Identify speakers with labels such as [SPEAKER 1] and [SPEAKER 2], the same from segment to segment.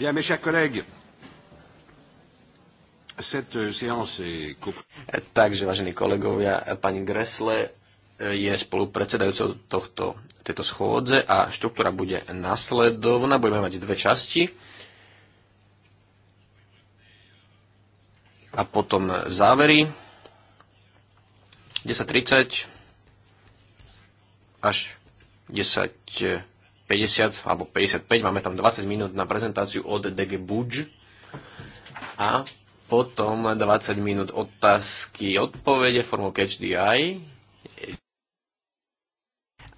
[SPEAKER 1] Bien, mes chers collègues,
[SPEAKER 2] cette séance est... Takže, vážení kolegovia, pani Gresle je spolupredsedajúcou tohto, tejto schôdze a štruktúra bude nasledovná. Budeme mať dve časti. A potom závery. 10.30 až 10. 50 alebo 55, máme tam 20 minút na prezentáciu od DG Budž a potom 20 minút otázky, odpovede formou Catch the Eye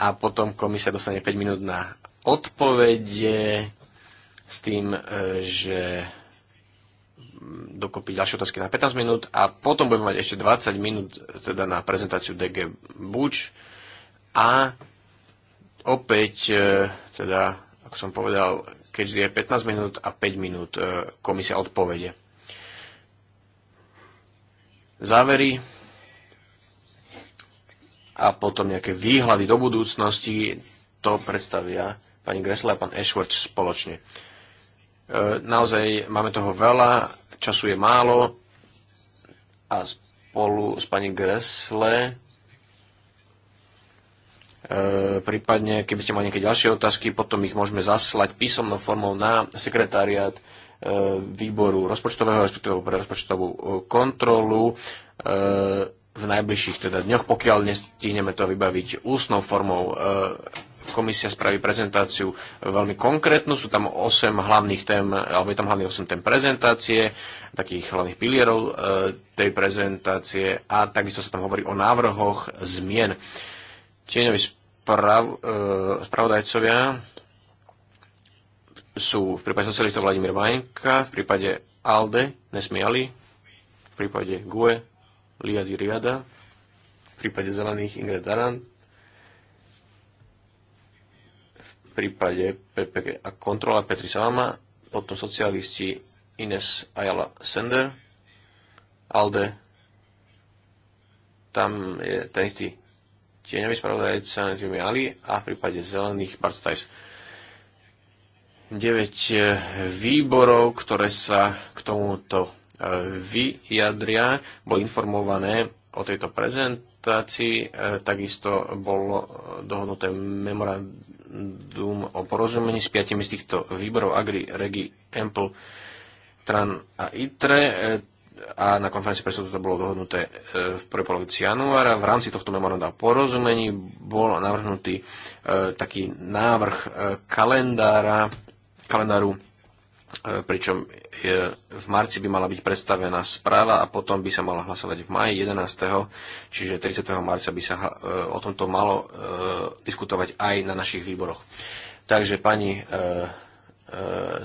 [SPEAKER 2] a potom komisia dostane 5 minút na odpovede s tým, e, že dokopy ďalšie otázky na 15 minút a potom budeme mať ešte 20 minút teda na prezentáciu DG Buč a Opäť, e, teda, ako som povedal, keďže je 15 minút a 5 minút e, komisia odpovede. Závery a potom nejaké výhľady do budúcnosti, to predstavia pani Gressler a pán Ashworth spoločne. E, naozaj máme toho veľa, času je málo a spolu s pani Gressle E, prípadne, keby ste mali nejaké ďalšie otázky, potom ich môžeme zaslať písomnou formou na sekretariat e, výboru rozpočtového, respektíve pre rozpočtovú e, kontrolu v najbližších teda dňoch, pokiaľ nestihneme to vybaviť ústnou formou. Komisia spraví prezentáciu veľmi konkrétnu, sú tam 8 hlavných tém, alebo je tam hlavných 8 tém prezentácie, takých hlavných pilierov tej prezentácie a takisto sa tam hovorí o návrhoch zmien. Tieňoví prav, e, spravodajcovia sú v prípade socialistov Vladimír Majenka, v prípade ALDE Nesmiali, v prípade GUE Liadi Riada, v prípade Zelených Ingrid Daran, v prípade PPK a kontrola Petri Salama, potom socialisti Ines Ayala Sender, ALDE, tam je ten istý tieňový spravodajca Timi Ali a v prípade zelených Bart 9 e, výborov, ktoré sa k tomuto e, vyjadria, boli informované o tejto prezentácii. E, takisto bolo dohodnuté memorandum o porozumení s piatimi z týchto výborov Agri, Regi, Ample, Tran a ITRE a na konferencii predsedov to bolo dohodnuté e, v prvej polovici januára. V rámci tohto memoranda o porozumení bol navrhnutý e, taký návrh e, kalendára, kalendáru, pričom v marci by mala byť predstavená správa a potom by sa mala hlasovať v maji 11. Čiže 30. marca by sa o tomto malo diskutovať aj na našich výboroch. Takže pani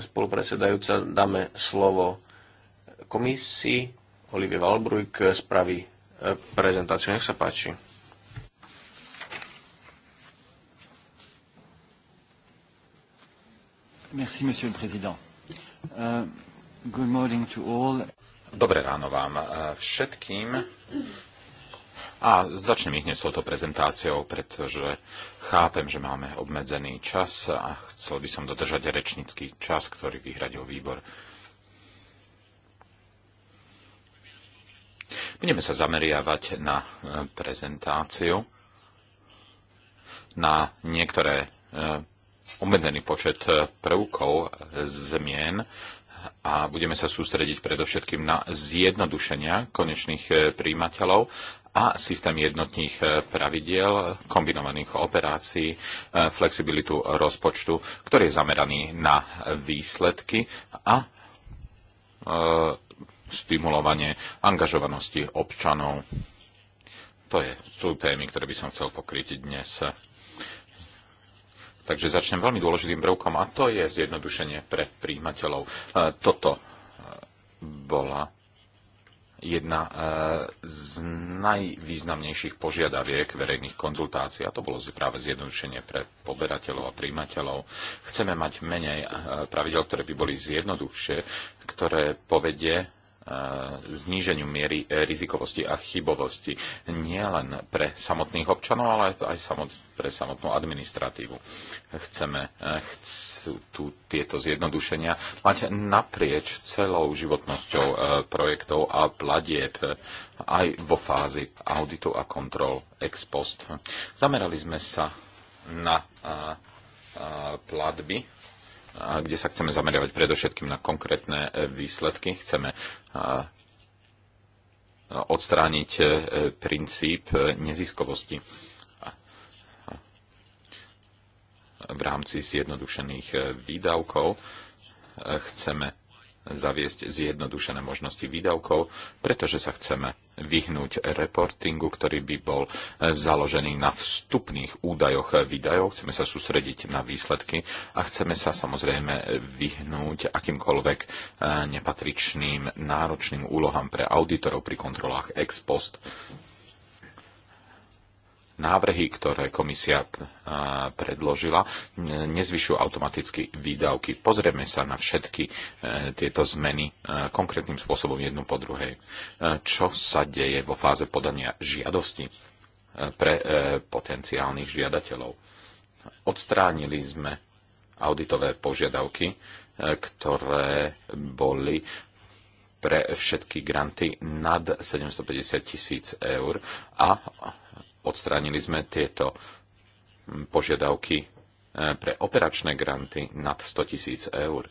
[SPEAKER 2] spolupredsedajúca, dáme slovo komisii Olivia Valbrujk spraví e, prezentáciu. Nech sa páči.
[SPEAKER 1] Merci, monsieur le président. Uh, good morning to all. Dobré ráno vám e, všetkým. A začnem ich dnes touto prezentáciou, pretože chápem, že máme obmedzený čas a chcel by som dodržať rečnícky čas, ktorý vyhradil výbor Budeme sa zameriavať na e, prezentáciu, na niektoré e, obmedzený počet e, prvkov zmien a budeme sa sústrediť predovšetkým na zjednodušenia konečných príjimateľov a systém jednotných pravidiel, kombinovaných operácií, flexibilitu rozpočtu, ktorý je zameraný na výsledky a stimulovanie angažovanosti občanov. To je, sú témy, ktoré by som chcel pokryť dnes. Takže začnem veľmi dôležitým prvkom a to je zjednodušenie pre príjimateľov. E, toto e, bola jedna e, z najvýznamnejších požiadaviek verejných konzultácií a to bolo práve zjednodušenie pre poberateľov a príjmateľov. Chceme mať menej pravidel, ktoré by boli zjednoduchšie, ktoré povedie zníženiu miery e, rizikovosti a chybovosti nielen pre samotných občanov, ale aj pre samotnú administratívu. Chceme e, tu tieto zjednodušenia mať naprieč celou životnosťou e, projektov a platieb aj vo fázi auditu a kontrol ex post. Zamerali sme sa na platby a kde sa chceme zameriavať predovšetkým na konkrétne e, výsledky. Chceme odstrániť e, princíp e, neziskovosti v rámci zjednodušených výdavkov. Chceme zaviesť zjednodušené možnosti výdavkov, pretože sa chceme vyhnúť reportingu, ktorý by bol založený na vstupných údajoch výdajov. Chceme sa sústrediť na výsledky a chceme sa samozrejme vyhnúť akýmkoľvek eh, nepatričným náročným úlohám pre auditorov pri kontrolách ex post návrhy, ktoré komisia predložila, nezvyšujú automaticky výdavky. Pozrieme sa na všetky e, tieto zmeny e, konkrétnym spôsobom jednu po druhej. E, čo sa deje vo fáze podania žiadosti pre potenciálnych žiadateľov? Odstránili sme auditové požiadavky, ktoré boli pre všetky granty nad 750 tisíc eur a odstránili sme tieto požiadavky e, pre operačné granty nad 100 tisíc eur.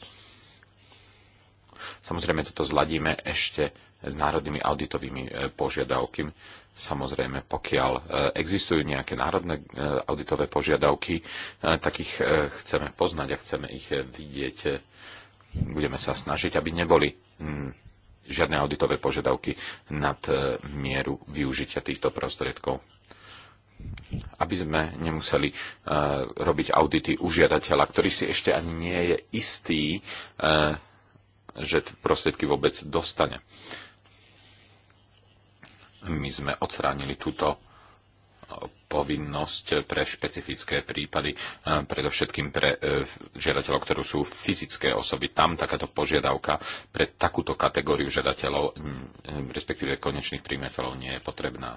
[SPEAKER 1] Samozrejme, toto zladíme ešte s národnými auditovými e, požiadavky. Samozrejme, pokiaľ e, existujú nejaké národné auditové požiadavky, tak ich chceme poznať a chceme ich vidieť. Budeme sa snažiť, aby neboli žiadne auditové požiadavky nad mieru využitia týchto prostriedkov aby sme nemuseli uh, robiť audity u žiadateľa, ktorý si ešte ani nie je istý, uh, že prostriedky vôbec dostane. My sme odstránili túto eh, povinnosť pre špecifické prípady, predovšetkým pre žiadateľov, ktorú sú fyzické osoby. Tam takáto požiadavka pre takúto kategóriu žiadateľov, mm, respektíve konečných príjmateľov, nie je potrebná.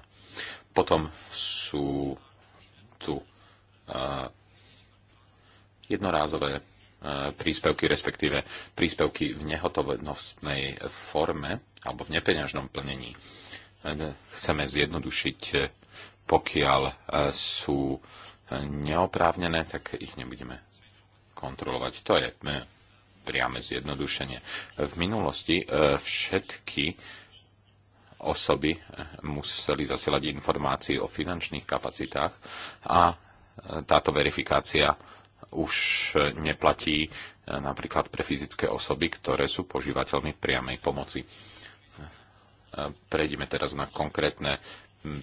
[SPEAKER 1] Potom sú tu jednorázové príspevky, respektíve príspevky v nehotovnostnej forme alebo v nepeňažnom plnení. Chceme zjednodušiť, e, pokiaľ e, sú e, neoprávnené, tak ich nebudeme kontrolovať. To je priame zjednodušenie. V minulosti všetky osoby eh, museli zasielať informácie o finančných kapacitách a eh, táto verifikácia už eh, neplatí napríklad pre fyzické osoby, ktoré sú požívateľmi priamej pomoci. Prejdeme teraz na konkrétne hm,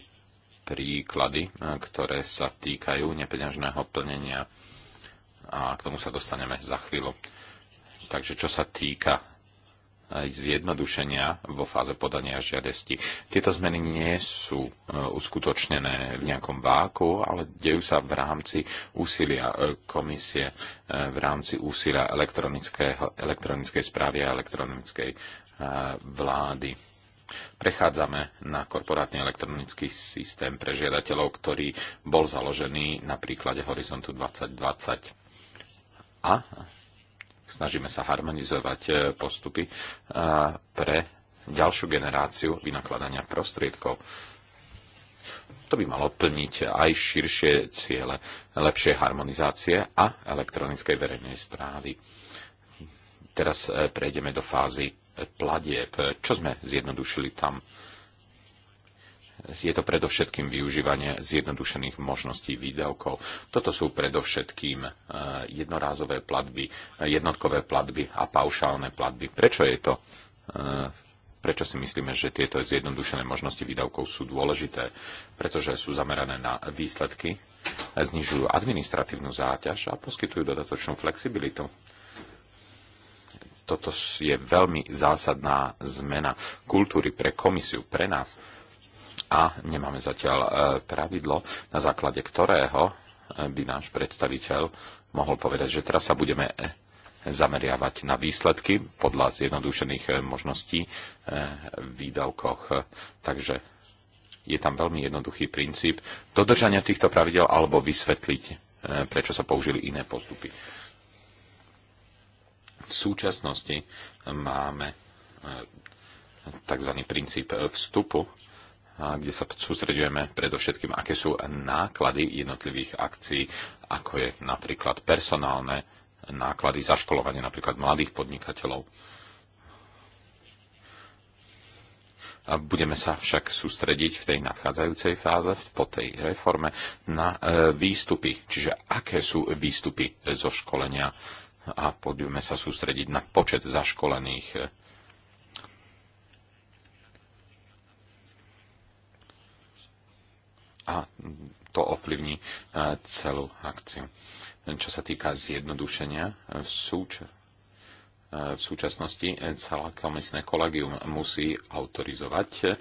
[SPEAKER 1] príklady, ktoré sa týkajú nepeňažného plnenia a k tomu sa dostaneme za chvíľu. Takže čo sa týka aj zjednodušenia vo fáze podania žiadosti. Tieto zmeny nie sú e, uskutočnené v nejakom váku, ale dejú sa v rámci úsilia e, komisie, e, v rámci úsilia elektronickej správy a elektronickej vlády. Prechádzame na korporátny elektronický systém pre žiadateľov, ktorý bol založený na príklade Horizontu 2020. A Snažíme sa harmonizovať e, postupy e, pre ďalšiu generáciu vynakladania prostriedkov. To by malo plniť aj širšie ciele lepšie harmonizácie a elektronickej verejnej správy. Teraz e, prejdeme do fázy pladieb. Čo sme zjednodušili tam? je to predovšetkým využívanie zjednodušených možností výdavkov. Toto sú predovšetkým e, jednorázové platby, e, jednotkové platby a paušálne platby. Prečo je to? E, prečo si myslíme, že tieto zjednodušené možnosti výdavkov sú dôležité? Pretože sú zamerané na výsledky, znižujú administratívnu záťaž a poskytujú dodatočnú flexibilitu toto je veľmi zásadná zmena kultúry pre komisiu, pre nás a nemáme zatiaľ e, pravidlo, na základe ktorého e, by náš predstaviteľ mohol povedať, že teraz sa budeme e, zameriavať na výsledky podľa zjednodušených možností v výdavkoch. Takže je tam veľmi jednoduchý princíp dodržania týchto pravidel alebo vysvetliť, prečo sa použili iné postupy. V súčasnosti máme tzv. princíp vstupu, kde sa sústredujeme predovšetkým, aké sú náklady jednotlivých akcií, ako je napríklad personálne náklady zaškolovania napríklad mladých podnikateľov. Budeme sa však sústrediť v tej nadchádzajúcej fáze, po tej reforme, na e, výstupy, čiže aké sú výstupy zo školenia a budeme sa sústrediť na počet zaškolených a to ovplyvní e, celú akciu. Čo sa týka zjednodušenia, v, súč- e, v súčasnosti e, celá komisné kolegium musí autorizovať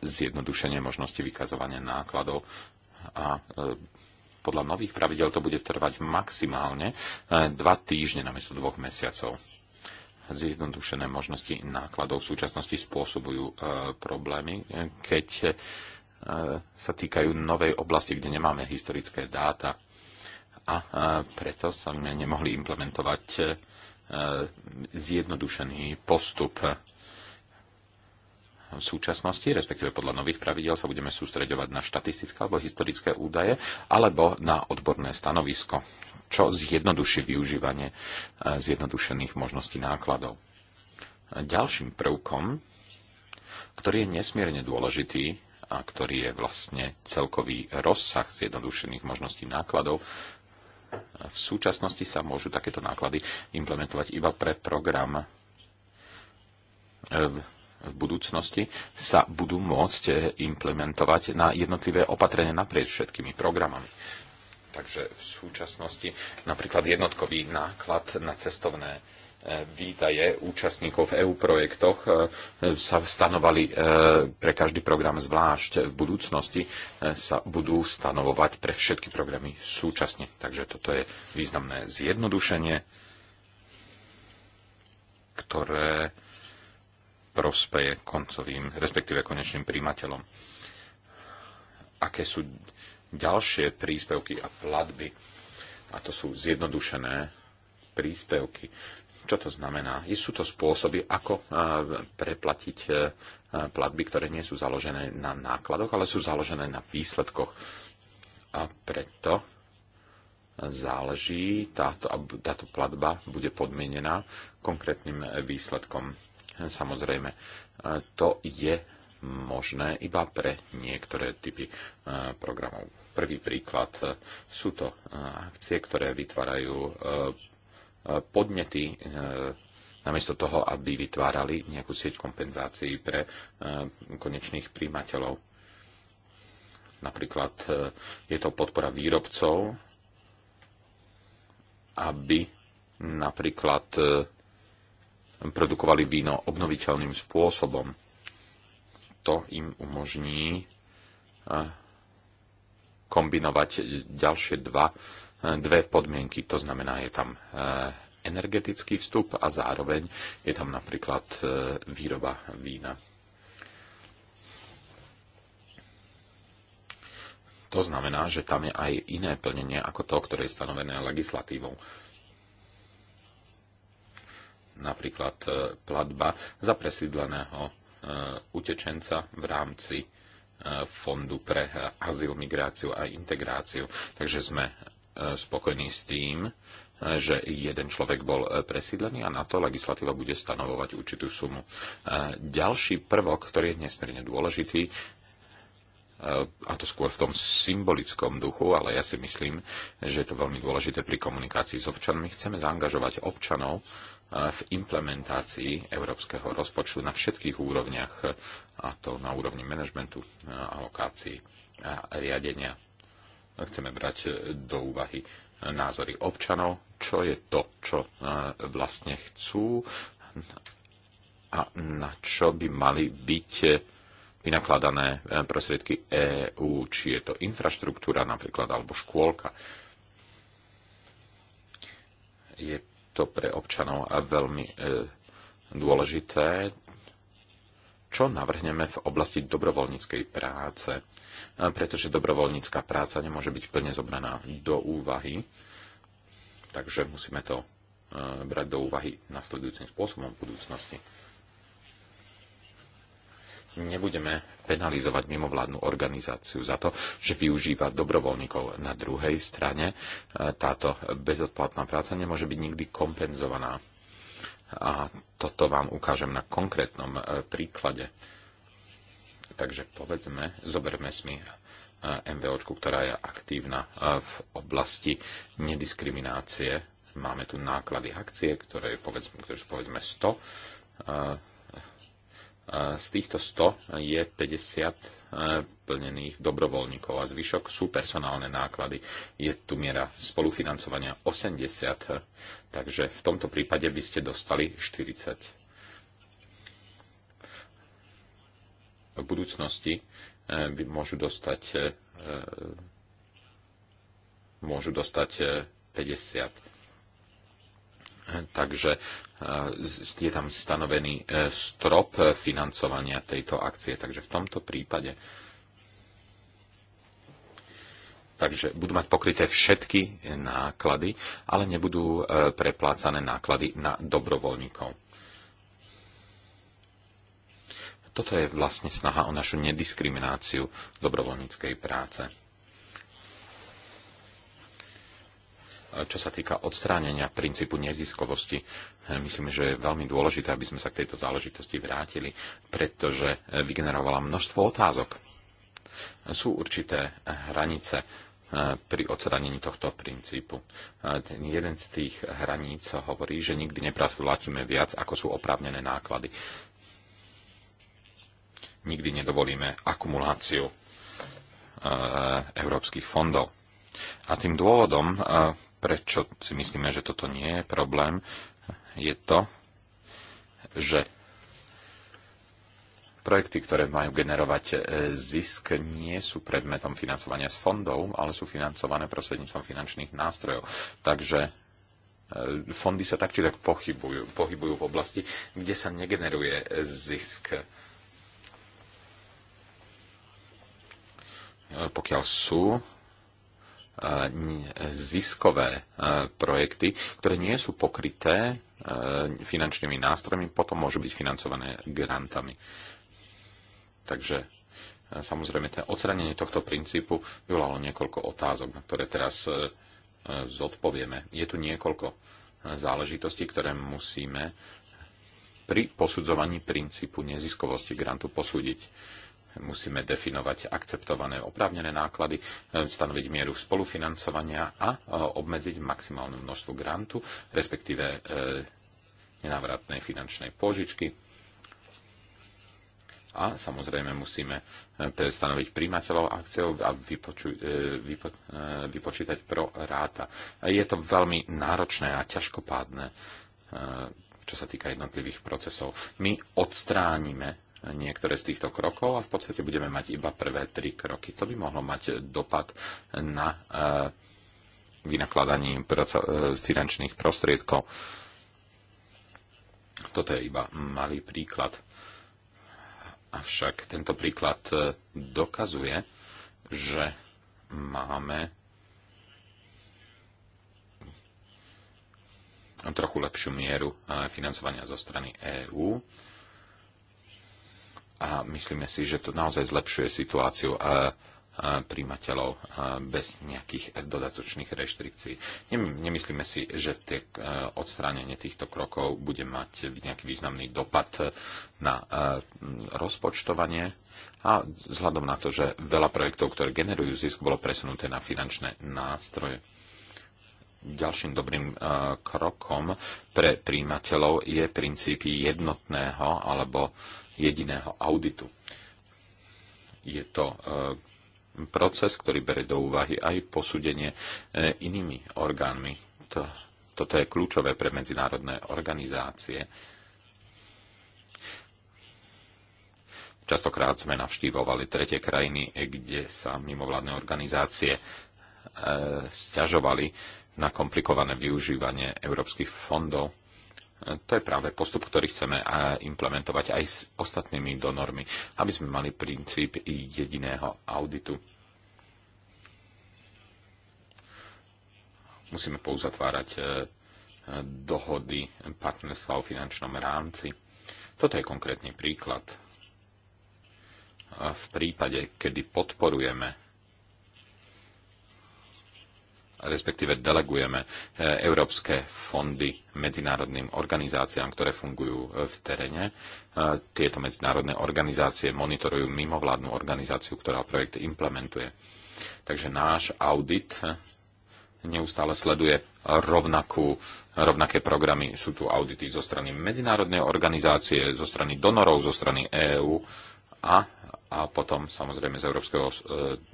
[SPEAKER 1] zjednodušenie možnosti vykazovania nákladov a podľa nových pravidel to bude trvať maximálne dva týždne namiesto dvoch mesiacov zjednodušené možnosti nákladov v súčasnosti spôsobujú e, problémy, keď sa týkajú novej oblasti, kde nemáme historické dáta. A preto sme nemohli implementovať e, zjednodušený postup v súčasnosti, respektíve podľa nových pravidel sa budeme sústreďovať na štatistické alebo historické údaje, alebo na odborné stanovisko, čo zjednoduší využívanie e, zjednodušených možností nákladov. Ďalším prvkom, ktorý je nesmierne dôležitý, a ktorý je vlastne celkový rozsah zjednodušených možností nákladov. V súčasnosti sa môžu takéto náklady implementovať iba pre program ehm, v budúcnosti sa budú môcť eh, implementovať na jednotlivé opatrenia naprieč všetkými programami. Takže v súčasnosti napríklad jednotkový náklad na cestovné výdaje účastníkov v EU projektoch e, sa stanovali e, pre každý program zvlášť. V budúcnosti e, sa budú stanovovať pre všetky programy súčasne. Takže toto je významné zjednodušenie, ktoré prospeje koncovým, respektíve konečným príjimateľom. Aké sú ďalšie príspevky a platby? A to sú zjednodušené príspevky čo to znamená? Sú to spôsoby, ako eh, preplatiť eh, platby, ktoré nie sú založené na nákladoch, ale sú založené na výsledkoch. A preto záleží, táto, táto platba bude podmienená konkrétnym eh, výsledkom. Samozrejme, to je možné iba pre niektoré typy programov. Prvý príklad sú to akcie, ktoré vytvárajú E, podnety e, namiesto toho, aby vytvárali nejakú sieť kompenzácií pre e, konečných príjimateľov. Napríklad je to podpora výrobcov, aby napríklad produkovali víno obnoviteľným spôsobom. To im umožní kombinovať ďalšie dva dve podmienky. To znamená, je tam eh, energetický vstup a zároveň je tam napríklad eh, výroba vína. To znamená, že tam je aj iné plnenie ako to, ktoré je stanovené legislatívou. Napríklad eh, platba za presídleného utečenca v rámci fondu pre azyl, migráciu a integráciu. Takže sme spokojní s tým, že jeden človek bol e, presídlený a na to legislatíva bude stanovovať určitú sumu. E, ďalší prvok, ktorý je nesmierne dôležitý, e, a to skôr v tom symbolickom duchu, ale ja si myslím, že je to veľmi dôležité pri komunikácii s občanmi. Chceme zaangažovať občanov v implementácii európskeho rozpočtu na všetkých úrovniach, a to na úrovni manažmentu, alokácií a riadenia chceme brať do úvahy názory občanov, čo je to, čo e, vlastne chcú a na čo by mali byť vynakladané e, prostriedky EÚ, či je to infraštruktúra napríklad, alebo škôlka. Je to pre občanov veľmi e, dôležité, čo navrhneme v oblasti dobrovoľníckej práce, pretože dobrovoľnícká práca nemôže byť plne zobraná do úvahy, takže musíme to e, brať do úvahy nasledujúcim spôsobom v budúcnosti. Nebudeme penalizovať mimovládnu organizáciu za to, že využíva dobrovoľníkov. Na druhej strane e, táto bezodplatná práca nemôže byť nikdy kompenzovaná a toto vám ukážem na konkrétnom e, príklade. Takže povedzme, zoberme si e, MVOčku, ktorá je aktívna e, v oblasti nediskriminácie. Máme tu náklady akcie, ktoré, povedzme, ktoré sú povedzme 100. Z týchto 100 je 50 plnených dobrovoľníkov a zvyšok sú personálne náklady. Je tu miera spolufinancovania 80, takže v tomto prípade by ste dostali 40. V budúcnosti eh, by môžu dostať eh, eh, môžu dostať 50 takže eh, je tam stanovený eh, strop eh, financovania tejto akcie. Takže v tomto prípade takže budú mať pokryté všetky náklady, ale nebudú preplácané náklady na dobrovoľníkov. Toto je vlastne snaha o našu nediskrimináciu dobrovoľníckej práce. čo sa týka odstránenia princípu neziskovosti. Eh, Myslím, že je veľmi dôležité, aby sme sa k tejto záležitosti vrátili, pretože eh, vygenerovala množstvo otázok. Sú určité hranice eh, pri odstranení tohto princípu. Ten jeden z tých hraníc hovorí, že nikdy nepraplatíme viac, ako sú oprávnené náklady. Nikdy nedovolíme akumuláciu európskych fondov. A tým dôvodom, prečo si myslíme, že toto nie je problém, je to, že projekty, ktoré majú generovať e, zisk, nie sú predmetom financovania z fondov, ale sú financované prostredníctvom finančných nástrojov. Takže e, fondy sa tak či tak pochybujú, pohybujú v oblasti, kde sa negeneruje zisk. E, pokiaľ sú ziskové projekty, ktoré nie sú pokryté finančnými nástrojmi, potom môžu byť financované grantami. Takže samozrejme to odstranenie tohto princípu vyvolalo niekoľko otázok, na ktoré teraz zodpovieme. Je tu niekoľko záležitostí, ktoré musíme pri posudzovaní princípu neziskovosti grantu posúdiť Musíme definovať akceptované oprávnené náklady, e, stanoviť mieru spolufinancovania a e, obmedziť maximálne množstvo grantu, respektíve e, nenávratnej finančnej pôžičky. A samozrejme musíme stanoviť príjmateľov akciov a vypoču, vypo, vypočítať pro ráta. Je to veľmi náročné a ťažkopádne, čo sa týka jednotlivých procesov. My odstránime niektoré z týchto krokov a v podstate budeme mať iba prvé tri kroky. To by mohlo mať dopad na eh, vynakladanie eh, finančných prostriedkov. Toto je iba malý príklad. Avšak tento príklad eh, dokazuje, že máme trochu lepšiu mieru financovania zo strany EÚ a myslíme si, že to naozaj zlepšuje situáciu e, e, príjimateľov e, bez nejakých dodatočných reštrikcií. Nemyslíme si, že tie odstránenie týchto krokov bude mať nejaký významný dopad na rozpočtovanie a vzhľadom na to, že veľa projektov, ktoré generujú zisk, bolo presunuté na finančné nástroje. Ďalším dobrým krokom pre príjimateľov je princíp jednotného alebo jediného auditu. Je to e, proces, ktorý bere do úvahy aj posúdenie e, inými orgánmi. To, toto je kľúčové pre medzinárodné organizácie. Častokrát sme navštívovali tretie krajiny, kde sa mimovládne organizácie e, stiažovali na komplikované využívanie európskych fondov to je práve postup, ktorý chceme implementovať aj s ostatnými donormi, aby sme mali princíp jediného auditu. Musíme pouzatvárať e, dohody partnerstva o finančnom rámci. Toto je konkrétny príklad. V prípade, kedy podporujeme respektíve delegujeme e, európske fondy medzinárodným organizáciám, ktoré fungujú e, v teréne. E, tieto medzinárodné organizácie monitorujú mimovládnu organizáciu, ktorá projekt implementuje. Takže náš audit neustále sleduje rovnakú, rovnaké programy. Sú tu audity zo strany medzinárodnej organizácie, zo strany donorov, zo strany EÚ a, a potom samozrejme z Európskeho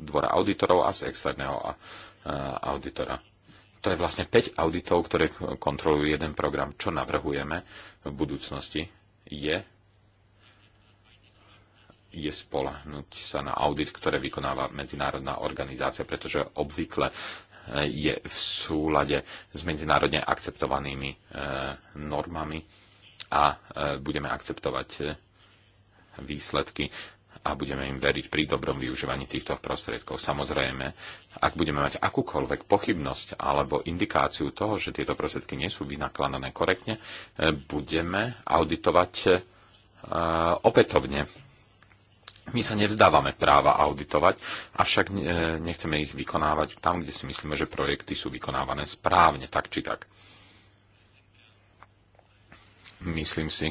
[SPEAKER 1] dvora auditorov a z externého auditora. To je vlastne 5 auditov, ktoré kontrolujú jeden program. Čo navrhujeme v budúcnosti je je spolahnuť sa na audit, ktoré vykonáva medzinárodná organizácia, pretože obvykle e, je v súlade s medzinárodne akceptovanými e, normami a e, budeme akceptovať výsledky a budeme im veriť pri dobrom využívaní týchto prostriedkov. Samozrejme, ak budeme mať akúkoľvek pochybnosť alebo indikáciu toho, že tieto prostriedky nie sú vynakladané korektne, e, budeme auditovať e, opätovne. My sa nevzdávame práva auditovať, avšak e, nechceme ich vykonávať tam, kde si myslíme, že projekty sú vykonávané správne, tak či tak. Myslím si,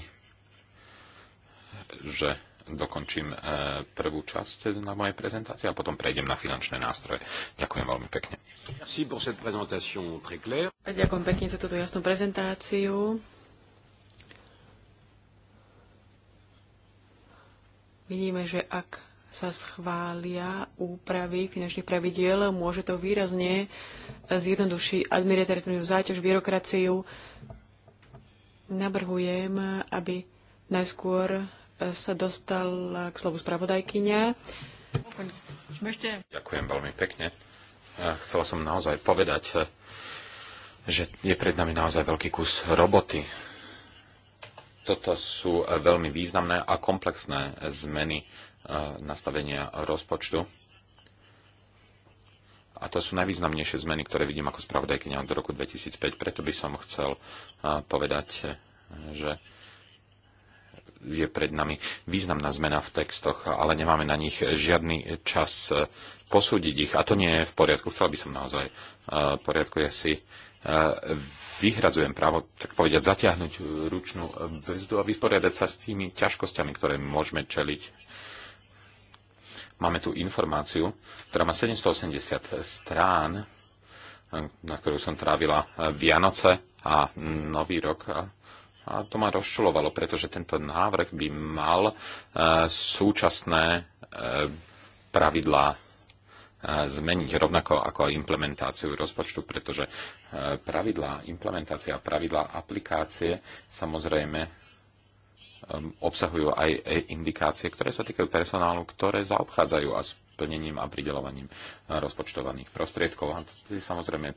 [SPEAKER 1] že dokončím e, prvú časť na mojej prezentácii a potom prejdem na finančné nástroje. Ďakujem veľmi pekne.
[SPEAKER 3] Ďakujem pekne za túto jasnú prezentáciu. Vidíme, že ak sa schvália úpravy finančných pravidiel, môže to výrazne zjednodušiť administratívnu záťaž, byrokraciu. Navrhujem, aby najskôr sa dostal k slovu spravodajkyňa.
[SPEAKER 1] Ďakujem veľmi pekne. Chcela som naozaj povedať, e, že je pred nami naozaj veľký kus roboty. Toto sú veľmi významné a komplexné zmeny e, nastavenia rozpočtu. A to sú najvýznamnejšie zmeny, ktoré vidím ako spravodajkyňa od roku 2005. Preto by som chcel e, povedať, že je pred nami významná zmena v textoch, ale nemáme na nich žiadny čas eh, posúdiť ich. A to nie je v poriadku. Chcel by som naozaj eh, v poriadku. Ja si eh, vyhradzujem právo, tak povedať, zatiahnuť ručnú brzdu a vysporiadať sa s tými ťažkosťami, ktoré môžeme čeliť. Máme tu informáciu, ktorá má 780 strán, na ktorú som trávila Vianoce a Nový rok. A a to ma rozčulovalo, pretože tento návrh by mal e, súčasné e, pravidlá e, zmeniť, rovnako ako implementáciu rozpočtu, pretože pravidlá implementácia a pravidlá aplikácie samozrejme obsahujú aj indikácie, ktoré sa týkajú personálu, ktoré zaobchádzajú a plnením a pridelovaním rozpočtovaných prostriedkov. A to je samozrejme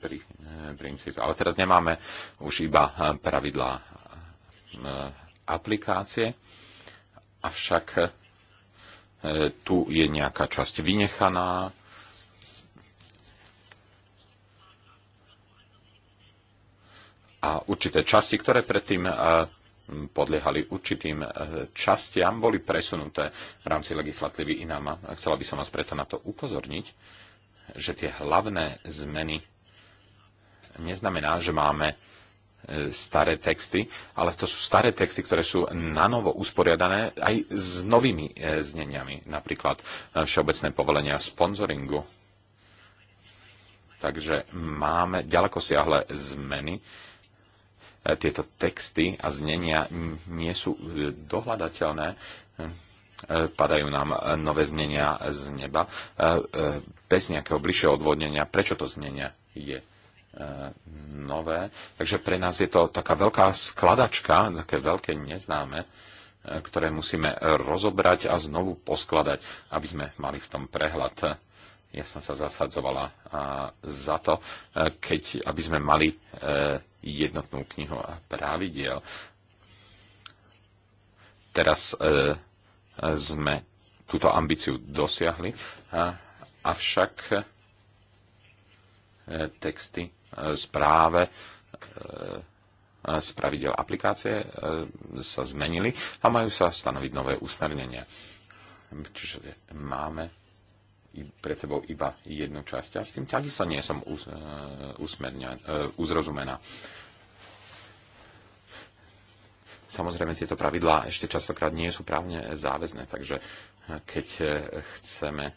[SPEAKER 1] princíp. Ale teraz nemáme už iba pravidlá Eh, aplikácie, avšak eh, tu je nejaká časť vynechaná. A určité časti, ktoré predtým eh, podliehali určitým častiam, boli presunuté v rámci legislatívy inám. Chcela by som vás preto na to upozorniť, že tie hlavné zmeny neznamená, že máme E, staré texty, ale to sú staré texty, ktoré sú nanovo usporiadané aj s novými e, zneniami, napríklad e, všeobecné povolenia sponzoringu. Takže máme ďaleko siahle zmeny. Tieto texty a znenia nie sú dohľadateľné. Padajú nám nové znenia z neba bez nejakého bližšieho odvodnenia, prečo to znenia je E, nové. Takže pre nás je to taká veľká skladačka, také veľké neznáme, e, ktoré musíme rozobrať a znovu poskladať, aby sme mali v tom prehľad. Ja som sa zasadzovala e, za to, keď, aby sme mali jednotnú knihu a pravidiel. Teraz sme túto ambíciu dosiahli, avšak texty správe e, z pravidel aplikácie e, sa zmenili a majú sa stanoviť nové usmernenia. Čiže máme pred sebou iba jednu časť a s tým takisto nie som e, uzrozumená. Samozrejme, tieto pravidlá ešte častokrát nie sú právne záväzné, takže keď chceme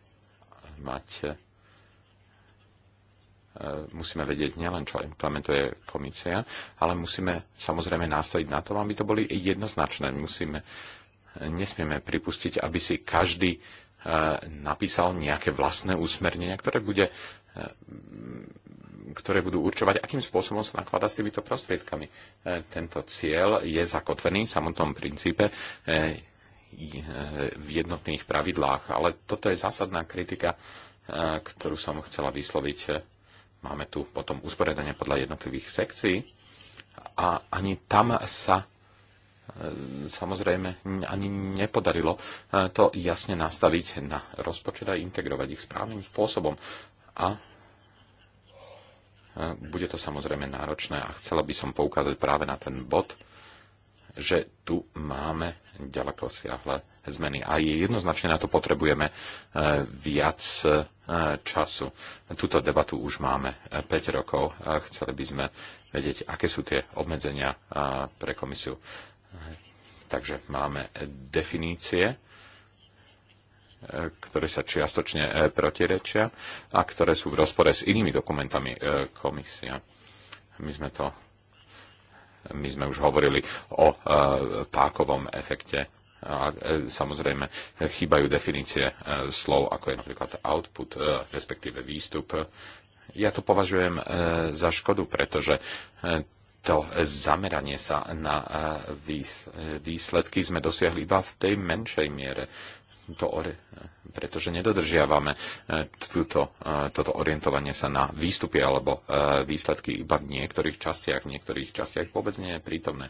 [SPEAKER 1] mať E, musíme vedieť nielen, čo implementuje komisia, ale musíme samozrejme nastaviť na tom, aby to boli jednoznačné. Musíme, e, nesmieme pripustiť, aby si každý e, napísal nejaké vlastné úsmernenia, ktoré, bude, ktoré budú určovať, akým spôsobom sa naklada s týmito prostriedkami. Tento cieľ je zakotvený v samotnom princípe v jednotných pravidlách, ale toto je zásadná kritika, ktorú som chcela vysloviť Máme tu potom usporiadanie podľa jednotlivých sekcií a ani tam sa e, samozrejme ani nepodarilo e, to jasne nastaviť na rozpočet a integrovať ich správnym spôsobom. A e, bude to samozrejme náročné a chcela by som poukázať práve na ten bod, že tu máme ďaleko siahle zmeny. A jednoznačne na to potrebujeme e, viac e, času. Túto debatu už máme 5 e, rokov. Chceli by sme vedieť, aké sú tie obmedzenia pre komisiu. Takže máme definície, ktoré sa čiastočne protirečia a ktoré sú v rozpore s inými dokumentami komisia. My sme to my sme už hovorili o e, pákovom efekte a e, samozrejme chýbajú definície e, slov, ako je napríklad output, respektíve výstup. Ja to považujem za škodu, pretože to zameranie sa na výsledky sme dosiahli iba v tej menšej miere to, pretože nedodržiavame e, túto, e, toto orientovanie sa na výstupy alebo e, výsledky iba v niektorých častiach, v niektorých častiach vôbec nie je prítomné,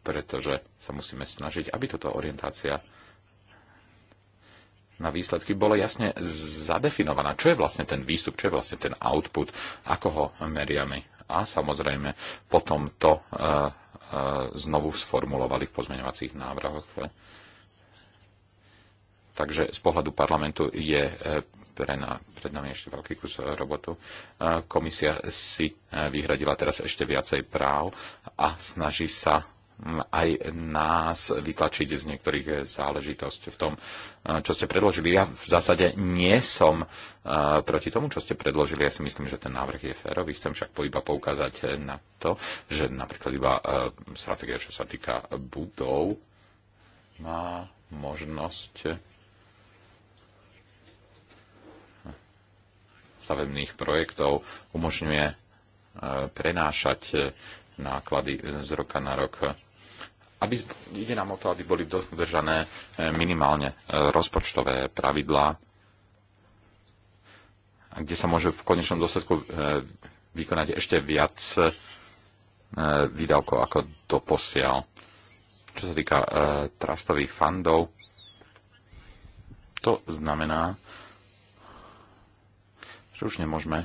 [SPEAKER 1] pretože sa musíme snažiť, aby toto orientácia na výsledky bola jasne zadefinovaná. Čo je vlastne ten výstup, čo je vlastne ten output, ako ho meriame. A samozrejme potom to znovu sformulovali v pozmeňovacích návrhoch. Takže z pohľadu parlamentu je eh, pre na, pred nami ešte veľký kus eh, robotu. Eh, komisia si vyhradila teraz ešte viacej práv a snaží sa hm, aj nás vytlačiť z niektorých záležitostí v tom, čo ste predložili. Ja v zásade nie som proti tomu, čo ste predložili. Ja si myslím, že ten návrh je férový. Chcem však iba poukázať na to, že napríklad iba stratégia, čo sa týka budov, má možnosť stavebných projektov umožňuje e, prenášať e, náklady z roka na rok. Aby, ide nám o to, aby boli dodržané e, minimálne rozpočtové pravidlá, kde sa môže v konečnom dôsledku vykonať ešte viac výdavkov ako doposiaľ. Čo sa týka trastových fandov, to znamená, že už nemôžeme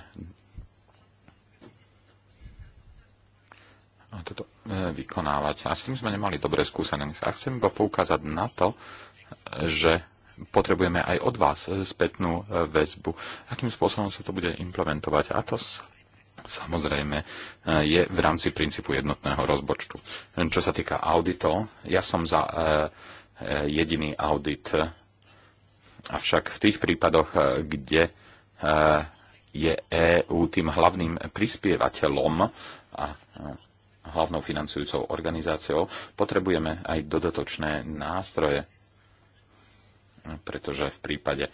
[SPEAKER 1] toto e, vykonávať. A s tým sme nemali dobré skúsenosti. A chcem iba poukázať na to, že potrebujeme aj od vás spätnú e, väzbu. Akým spôsobom sa to bude implementovať? A to samozrejme e, je v rámci princípu jednotného rozpočtu. Čo sa týka auditov, ja som za jediný audit, avšak v tých prípadoch, kde je EÚ tým hlavným prispievateľom a hlavnou financujúcou organizáciou, potrebujeme aj dodatočné nástroje, pretože v prípade e,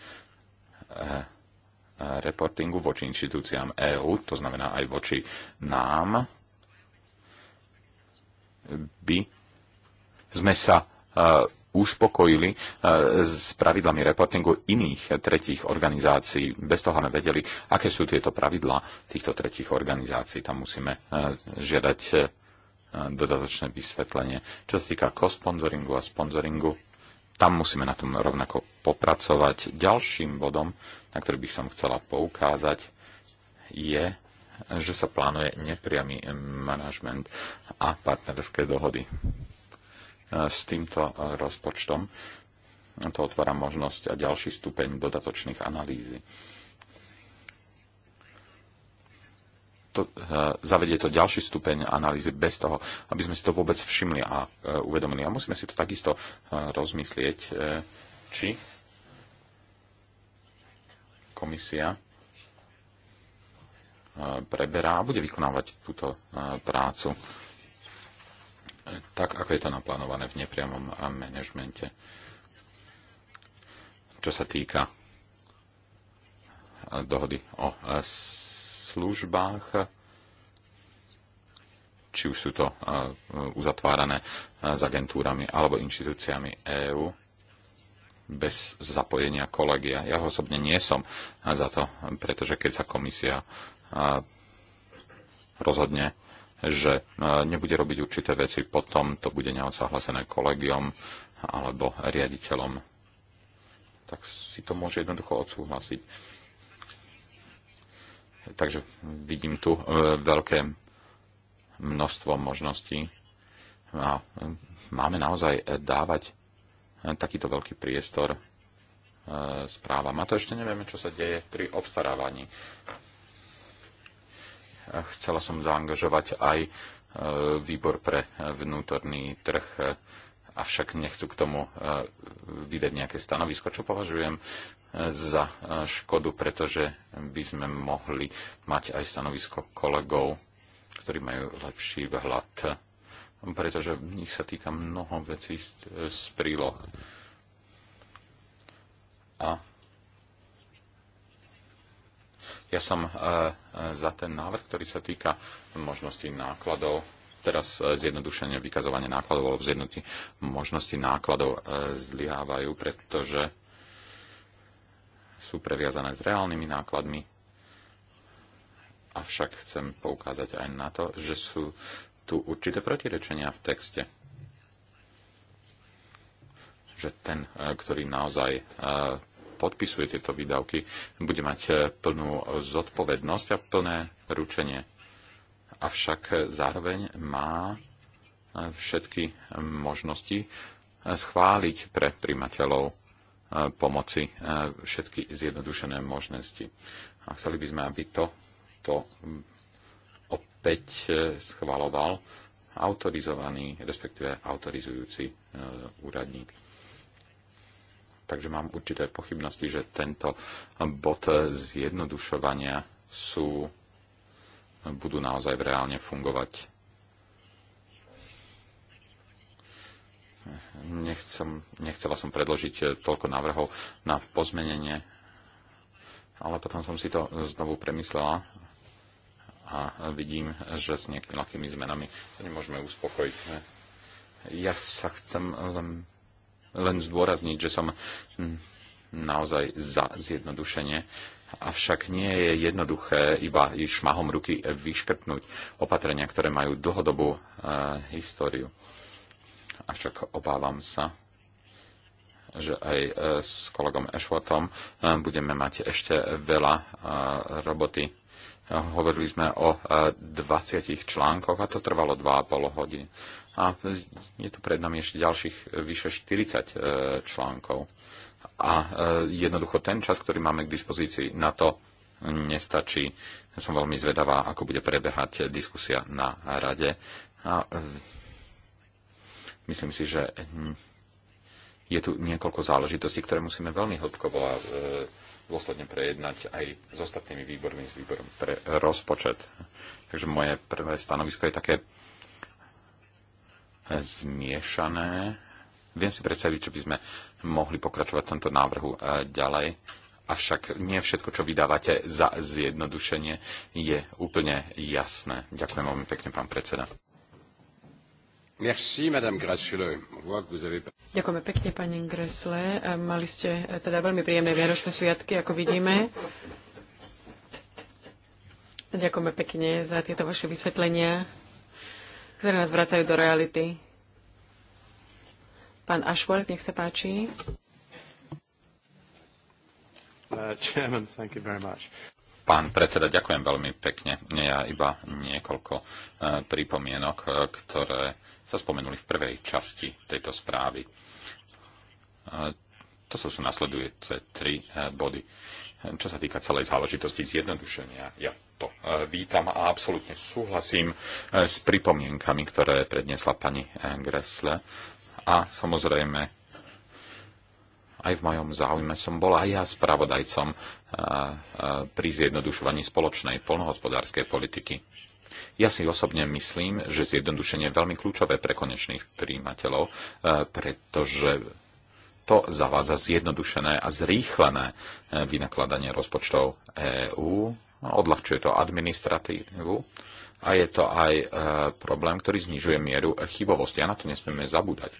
[SPEAKER 1] e, reportingu voči inštitúciám EÚ, to znamená aj voči nám, by sme sa e, uspokojili e, s pravidlami reportingu iných e, tretích organizácií, bez toho sme vedeli, aké sú tieto pravidlá týchto tretích organizácií. Tam musíme e, žiadať dodatočné vysvetlenie. Čo sa týka kosponzoringu a sponzoringu, tam musíme na tom rovnako popracovať. Ďalším bodom, na ktorý by som chcela poukázať, je, že sa plánuje nepriamy manažment a partnerské dohody s týmto e, rozpočtom. To otvára možnosť a ďalší stupeň dodatočných analýzy. To, e, zavedie to ďalší stupeň analýzy bez toho, aby sme si to vôbec všimli a e, uvedomili. A musíme si to takisto rozmyslieť, či komisia preberá a bude vykonávať túto prácu tak, ako je to naplánované v nepriamom manažmente. Čo sa týka eh, dohody o eh, službách, či už sú to eh, uzatvárané s agentúrami alebo inštitúciami EÚ bez zapojenia kolegia. Ja osobne nie som za to, pretože keď sa komisia rozhodne že e, nebude robiť určité veci, potom to bude neodsahlásené kolegiom alebo riaditeľom. Tak si to môže jednoducho odsúhlasiť. Takže vidím tu e, veľké množstvo možností a máme naozaj dávať takýto veľký priestor e, správam. A to ešte nevieme, čo sa deje pri obstarávaní. Chcela som zaangažovať aj e, výbor pre vnútorný trh, e, avšak nechcú k tomu e, vydať nejaké stanovisko, čo považujem za škodu, pretože by sme mohli mať aj stanovisko kolegov, ktorí majú lepší vhľad, pretože v nich sa týka mnoho vecí z príloh. A ja som e, e, za ten návrh, ktorý sa týka možnosti nákladov, teraz e, zjednodušenie vykazovania nákladov alebo zjednotí možnosti nákladov zlyhávajú, pretože sú previazané s reálnymi nákladmi. Avšak chcem poukázať aj na to, že sú tu určité protirečenia v texte že ten, ktorý naozaj podpisuje tieto výdavky, bude mať e, plnú zodpovednosť a plné ručenie. Avšak zároveň má e, všetky možnosti schváliť pre primateľov e, pomoci všetky zjednodušené možnosti. A chceli by sme, aby to, to opäť schvaloval autorizovaný, respektíve autorizujúci úradník Takže mám určité pochybnosti, že tento bod zjednodušovania sú, budú naozaj reálne fungovať. Nechcem, nechcela som predložiť toľko návrhov na pozmenenie, ale potom som si to znovu premyslela a vidím, že s nejakými ľahkými zmenami to nemôžeme uspokojiť. Ja sa chcem len zdôrazniť, že som hm, naozaj za zjednodušenie, avšak nie je jednoduché iba šmahom ruky vyškrtnúť opatrenia, ktoré majú dlhodobú e, históriu. Avšak obávam sa, že aj eh, s kolegom Ešvotom eh, budeme mať ešte veľa roboty. Hovorili sme o 20 článkoch a to trvalo 2,5 hodiny a je tu pred nami ešte ďalších e, vyše 40 e, článkov. A e, jednoducho ten čas, ktorý máme k dispozícii na to, nestačí. Som veľmi zvedavá, ako bude prebehať diskusia na rade. A myslím si, že je tu niekoľko záležitostí, ktoré musíme veľmi hĺbkovo a dôsledne prejednať aj s ostatnými výbormi, s výborom pre rozpočet. Takže moje prvé stanovisko je také zmiešané. Viem si predstaviť, čo by sme mohli pokračovať v tomto návrhu e, ďalej. Avšak nie všetko, čo vydávate za zjednodušenie, je úplne jasné. Ďakujem veľmi pekne, pán predseda. Merci, avez...
[SPEAKER 3] Ďakujeme pekne, pani Gressle. E, mali ste e, teda veľmi príjemné vianočné sviatky, ako vidíme. Ďakujeme pekne za tieto vaše vysvetlenia ktoré nás vracajú do reality. Pán Ashworth, nech sa páči.
[SPEAKER 1] Uh, chairman, thank you very much. Pán predseda, ďakujem veľmi pekne. Ja iba niekoľko uh, pripomienok, uh, ktoré sa spomenuli v prvej časti tejto správy. Uh, to sú nasledujúce tri body. Čo sa týka celej záležitosti zjednodušenia, ja to e, vítam a absolútne súhlasím e, s pripomienkami, ktoré predniesla pani e, Gressle. A samozrejme, aj v mojom záujme som bol aj ja spravodajcom pri zjednodušovaní spoločnej polnohospodárskej politiky. Ja si osobne myslím, že zjednodušenie je veľmi kľúčové pre konečných príjimateľov, pretože to zavádza zjednodušené a zrýchlené vynakladanie rozpočtov EÚ odľahčuje to administratívu a je to aj e, problém, ktorý znižuje mieru chybovosti a na to nesmieme zabúdať.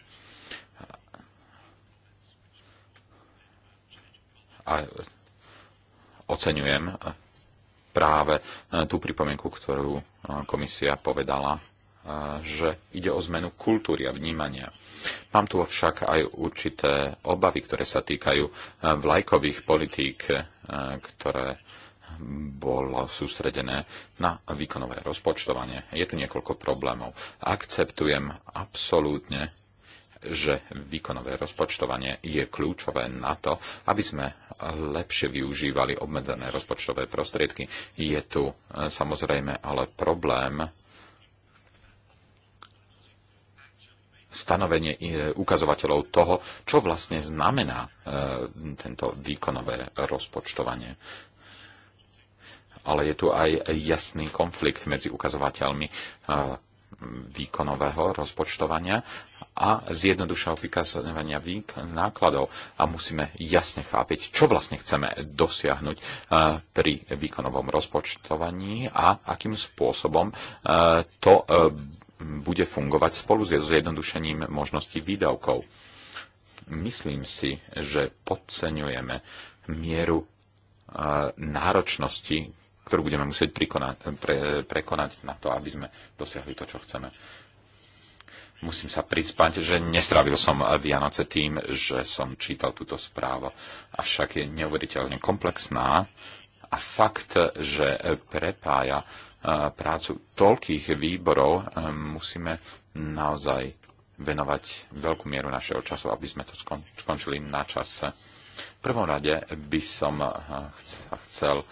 [SPEAKER 1] A oceňujem práve e, tú pripomienku, ktorú e, komisia povedala že ide o zmenu kultúry a vnímania. Mám tu však aj určité obavy, ktoré sa týkajú vlajkových politík, ktoré bolo sústredené na výkonové rozpočtovanie. Je tu niekoľko problémov. Akceptujem absolútne, že výkonové rozpočtovanie je kľúčové na to, aby sme lepšie využívali obmedzené rozpočtové prostriedky. Je tu e, samozrejme ale problém stanovenie e, ukazovateľov toho, čo vlastne znamená e, tento výkonové rozpočtovanie ale je tu aj jasný konflikt medzi ukazovateľmi výkonového rozpočtovania a zjednodušeného vykazovania nákladov. A musíme jasne chápiť, čo vlastne chceme dosiahnuť pri výkonovom rozpočtovaní a akým spôsobom to e, bude fungovať spolu s zjednodušením možností výdavkov. Myslím si, že podceňujeme mieru náročnosti ktorú budeme musieť prekonať, pre, prekonať na to, aby sme dosiahli to, čo chceme. Musím sa prispať, že nestravil som Vianoce tým, že som čítal túto správu. Avšak je neuveriteľne komplexná a fakt, že prepája eh, prácu toľkých výborov, eh, musíme naozaj venovať veľkú mieru našeho času, aby sme to skončili na čase. V prvom rade by som eh, chcel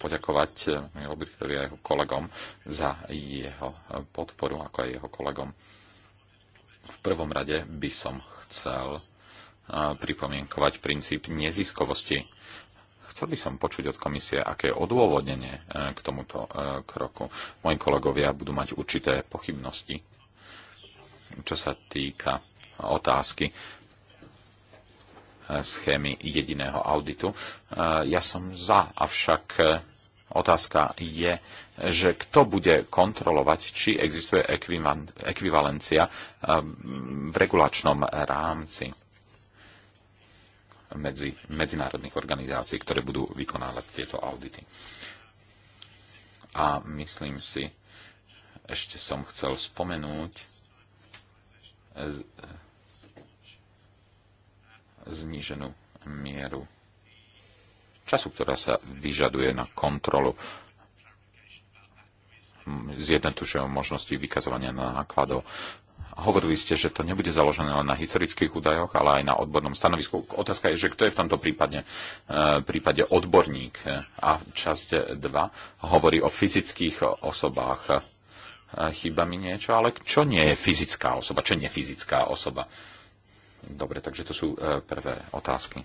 [SPEAKER 1] poďakovať eh, Obrichtovi a jeho kolegom za jeho eh, podporu, ako aj jeho kolegom. V prvom rade by som chcel eh, pripomienkovať princíp neziskovosti. Chcel by som počuť od komisie, aké je odôvodnenie k tomuto kroku. Moji kolegovia budú mať určité pochybnosti, čo sa týka otázky, schémy jediného auditu. Eh, ja som za, avšak eh, otázka je, že kto bude kontrolovať, či existuje ekvivalencia eh, v regulačnom rámci medzi medzinárodných organizácií, ktoré budú vykonávať tieto audity. A myslím si, ešte som chcel spomenúť zníženú mieru času, ktorá sa vyžaduje na kontrolu zjednotušeho možnosti vykazovania nákladov. Hovorili ste, že to nebude založené len na historických údajoch, ale aj na odbornom stanovisku. Otázka je, že kto je v tomto prípade, eh, prípade odborník. A časť 2 hovorí o fyzických osobách. Eh, Chýba mi niečo, ale čo nie je fyzická osoba? Čo nie je fyzická osoba? Dobre, takže to sú e, prvé otázky.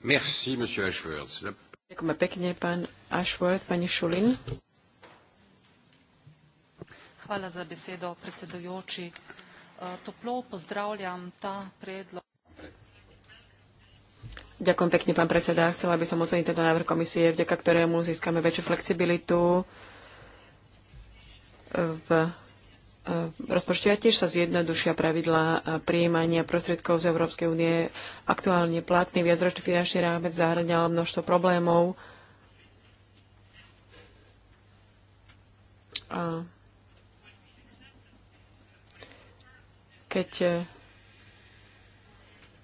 [SPEAKER 1] Merci, monsieur Ashworth.
[SPEAKER 3] Ďakujeme pekne, pán Ashworth, pani Šulin. Hvala za besedo, predsedujúči. E, toplo pozdravljam ta predlog. Ďakujem pekne, pán predseda. Chcela by som oceniť tento návrh komisie, vďaka ktorému získame väčšiu flexibilitu v E, rozpočtu a tiež sa zjednodušia pravidlá e, prijímania prostriedkov z Európskej únie. Aktuálne platný viacročný finančný rámec zahrňal množstvo problémov. A keď e,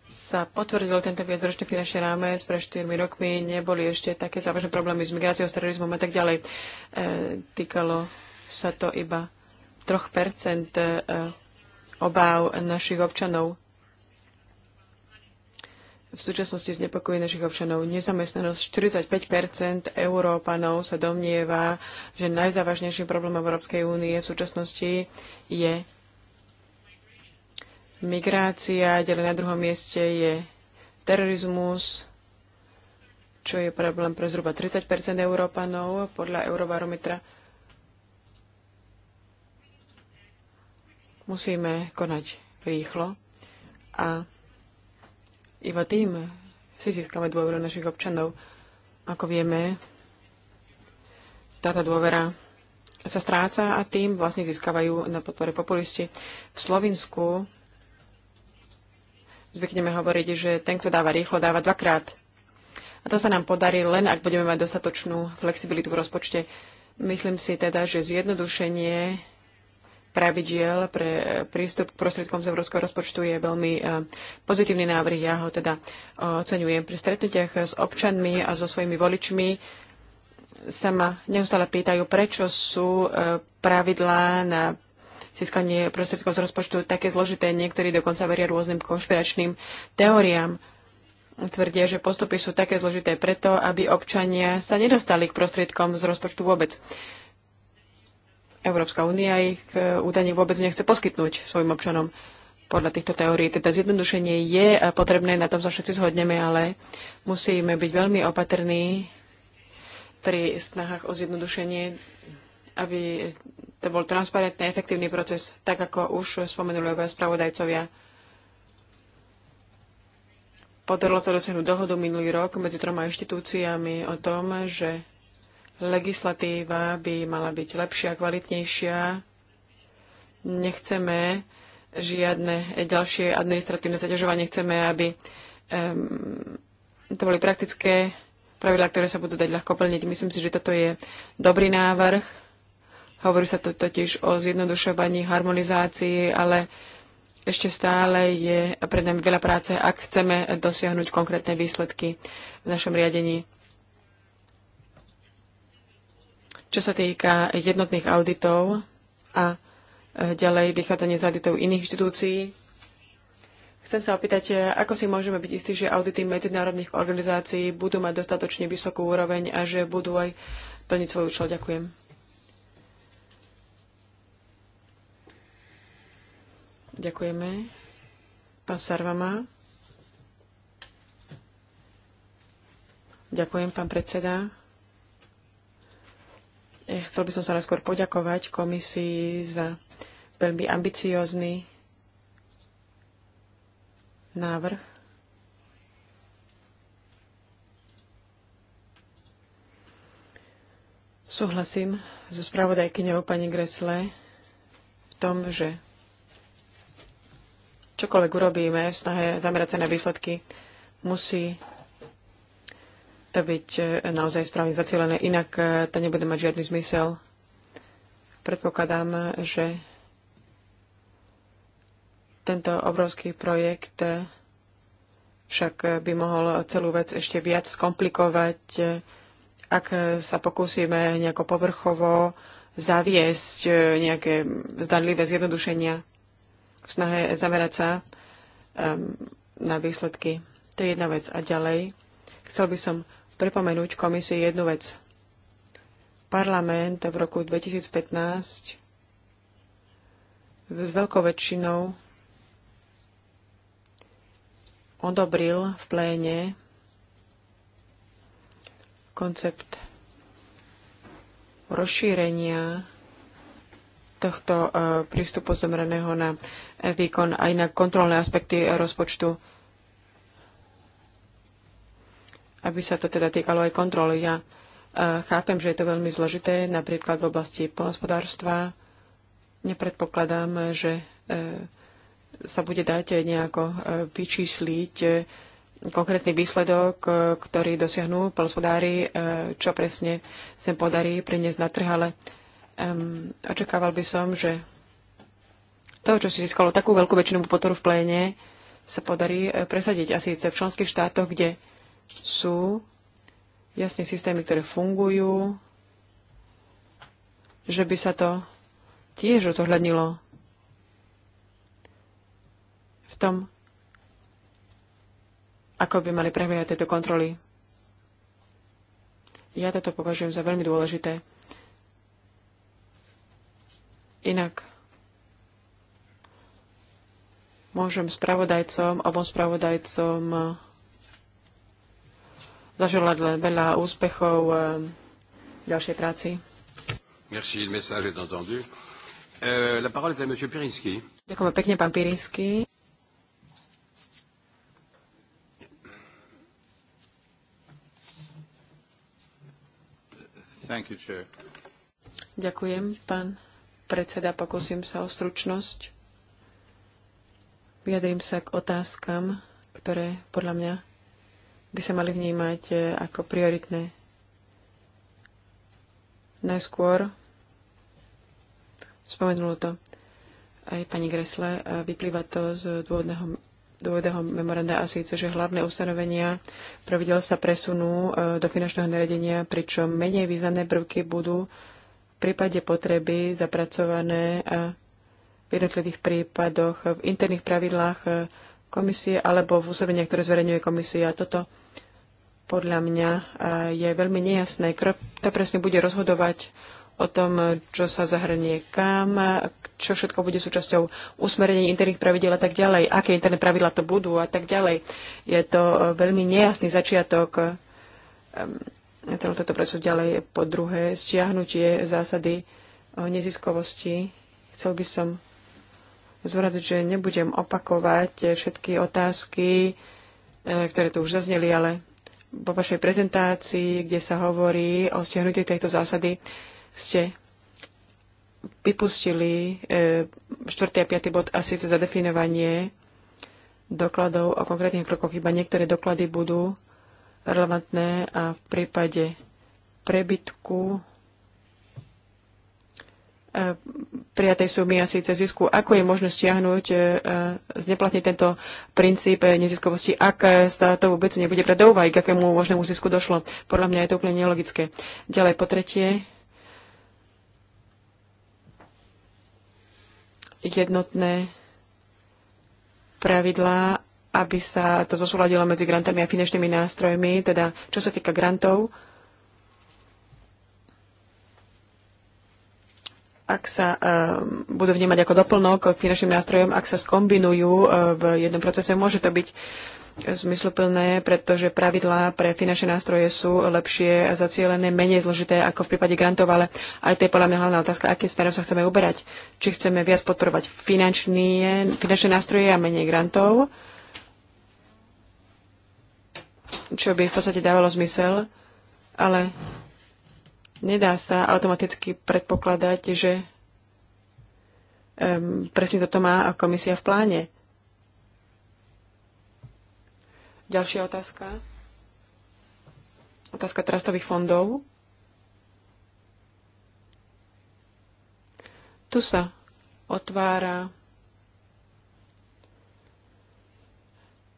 [SPEAKER 3] sa potvrdil tento viacročný finančný rámec pre 4 rokmi, neboli ešte také závažné problémy s migráciou, s terorizmom a tak ďalej. E, týkalo sa to iba 3 eh, obáv našich občanov. V súčasnosti znepokojí našich občanov nezamestnanosť. 45 Európanov sa domnieva, že najzávažnejším problémom Európskej únie v súčasnosti je migrácia, ďalej na druhom mieste je terorizmus, čo je problém pre zhruba 30 Európanov podľa Eurobarometra Musíme konať rýchlo a iba tým si získame dôveru našich občanov. Ako vieme, táto dôvera sa stráca a tým vlastne získavajú na podpore populisti. V Slovensku zvykneme hovoriť, že ten, kto dáva rýchlo, dáva dvakrát. A to sa nám podarí len, ak budeme mať dostatočnú flexibilitu v rozpočte. Myslím si teda, že zjednodušenie pravidiel pre prístup k prostriedkom z európskeho rozpočtu je veľmi e, pozitívny návrh. Ja ho teda e, oceňujem. Pri stretnutiach s občanmi a so svojimi voličmi sa ma neustále pýtajú, prečo sú e, pravidlá na získanie prostriedkov z rozpočtu také zložité. Niektorí dokonca veria rôznym konšpiračným teóriám. Tvrdia, že postupy sú také zložité preto, aby občania sa nedostali k prostriedkom z rozpočtu vôbec. Uh, Európska únia ich e, údajne vôbec nechce poskytnúť svojim občanom podľa týchto teórií. Teda zjednodušenie je e, potrebné, na tom sa všetci zhodneme, ale musíme byť veľmi opatrní pri snahách o zjednodušenie, aby to bol transparentný, efektívny proces, tak ako už spomenuli obaja spravodajcovia. Podarilo sa dosiahnuť dohodu minulý rok medzi troma inštitúciami o tom, že Legislatíva by mala byť lepšia, kvalitnejšia. Nechceme žiadne ďalšie administratívne zaťažovanie. Chceme, aby um, to boli praktické pravidlá, ktoré sa budú dať ľahko plniť. Myslím si, že toto je dobrý návrh. Hovorí sa to totiž o zjednodušovaní, harmonizácii, ale ešte stále je pred nami veľa práce, ak chceme dosiahnuť konkrétne výsledky v našom riadení. Čo sa týka jednotných auditov a e, ďalej vychádzanie z auditov iných inštitúcií, chcem sa opýtať, e, ako si môžeme byť istí, že audity medzinárodných organizácií budú mať dostatočne vysokú úroveň a že budú aj plniť svoj účel. Ďakujem. Ďakujeme. Pán Sarvama. Ďakujem, pán predseda. Eh, chcel by som sa najskôr poďakovať komisii za veľmi ambiciózny návrh. Súhlasím so spravodajkyňou pani Gresle v tom, že čokoľvek urobíme v snahe zamerať sa na výsledky, musí to byť e, naozaj správne zacielené, inak e, to nebude mať žiadny zmysel. Predpokladám, že tento obrovský projekt e, však by mohol celú vec ešte viac skomplikovať, ak sa pokúsime nejako povrchovo zaviesť nejaké zdanlivé zjednodušenia v snahe zamerať sa um, na výsledky. To je jedna vec. A ďalej, chcel by som pripomenúť komisii jednu vec. Parlament v roku 2015 s veľkou väčšinou odobril v pléne koncept rozšírenia tohto eh, prístupu zomreného na výkon aj na kontrolné aspekty rozpočtu aby sa to teda týkalo aj kontroly. Ja e, chápem, že je to veľmi zložité, napríklad v oblasti polnospodárstva. Nepredpokladám, že e, sa bude dať nejako e, vyčísliť konkrétny výsledok, ktorý dosiahnu polnospodári, čo presne sem podarí priniesť na trh, ale um, očakával by som, že to, čo si získalo takú veľkú väčšinu podporu v pléne, sa podarí presadiť. A síce v členských štátoch, kde sú jasne systémy, ktoré fungujú, že by sa to tiež zohľadnilo v tom, ako by mali prebiehať tieto kontroly. Ja toto považujem za veľmi dôležité. Inak môžem spravodajcom, obom spravodajcom zaželať veľa úspechov e, v ďalšej práci.
[SPEAKER 1] Merci, le message est entendu. Euh, la parole est à monsieur Pirinsky.
[SPEAKER 3] Ďakujem pekne, pán Pirinsky. Thank you, chair. Ďakujem, pán predseda. Pokúsim sa o stručnosť. Vyjadrím sa k otázkam, ktoré podľa mňa by sa mali vnímať e, ako prioritné. Najskôr spomenulo to aj pani Gresle, e, vyplýva to z dôvodného, dôvodného memoranda a síce, že hlavné ustanovenia pravidel sa presunú e, do finančného naredenia, pričom menej významné prvky budú v prípade potreby zapracované v jednotlivých prípadoch v interných pravidlách komisie alebo v úsobeniach, ktoré zverejňuje komisia. Toto podľa mňa je veľmi nejasné. To presne bude rozhodovať o tom, čo sa zahrnie kam, čo všetko bude súčasťou usmerenia interných pravidel a tak ďalej, aké interné pravidla to budú a tak ďalej. Je to e, veľmi nejasný začiatok ehm, celého toto presú ďalej. Po druhé, stiahnutie zásady o neziskovosti. Chcel by som zvrať, že nebudem opakovať všetky otázky, e, ktoré tu už zazneli, ale vo vašej prezentácii, kde sa hovorí o stiahnutí tejto zásady, ste vypustili 4. E, a 5. bod asi za zadefinovanie dokladov o konkrétnych krokoch. Iba niektoré doklady budú relevantné a v prípade prebytku prijatej sumy a síce zisku. Ako je možné stiahnuť, e, zneplatniť tento princíp neziskovosti, ak sa to vôbec nebude brať do úvahy, k akému možnému zisku došlo. Podľa mňa je to úplne nelogické. Ďalej po tretie. Jednotné pravidlá, aby sa to zosúladilo medzi grantami a finančnými nástrojmi, teda čo sa týka grantov, ak sa e, budú vnímať ako doplnok k finančným nástrojom, ak sa skombinujú e, v jednom procese, môže to byť zmysluplné, pretože pravidlá pre finančné nástroje sú lepšie zacielené, menej zložité ako v prípade grantov, ale aj to je podľa mňa hlavná otázka, akým smerom sa chceme uberať. Či chceme viac podporovať finančné, finančné nástroje a menej grantov, čo by v podstate dávalo zmysel, ale Nedá sa automaticky predpokladať, že um, presne toto má komisia v pláne. Ďalšia otázka. Otázka trastových fondov. Tu sa otvára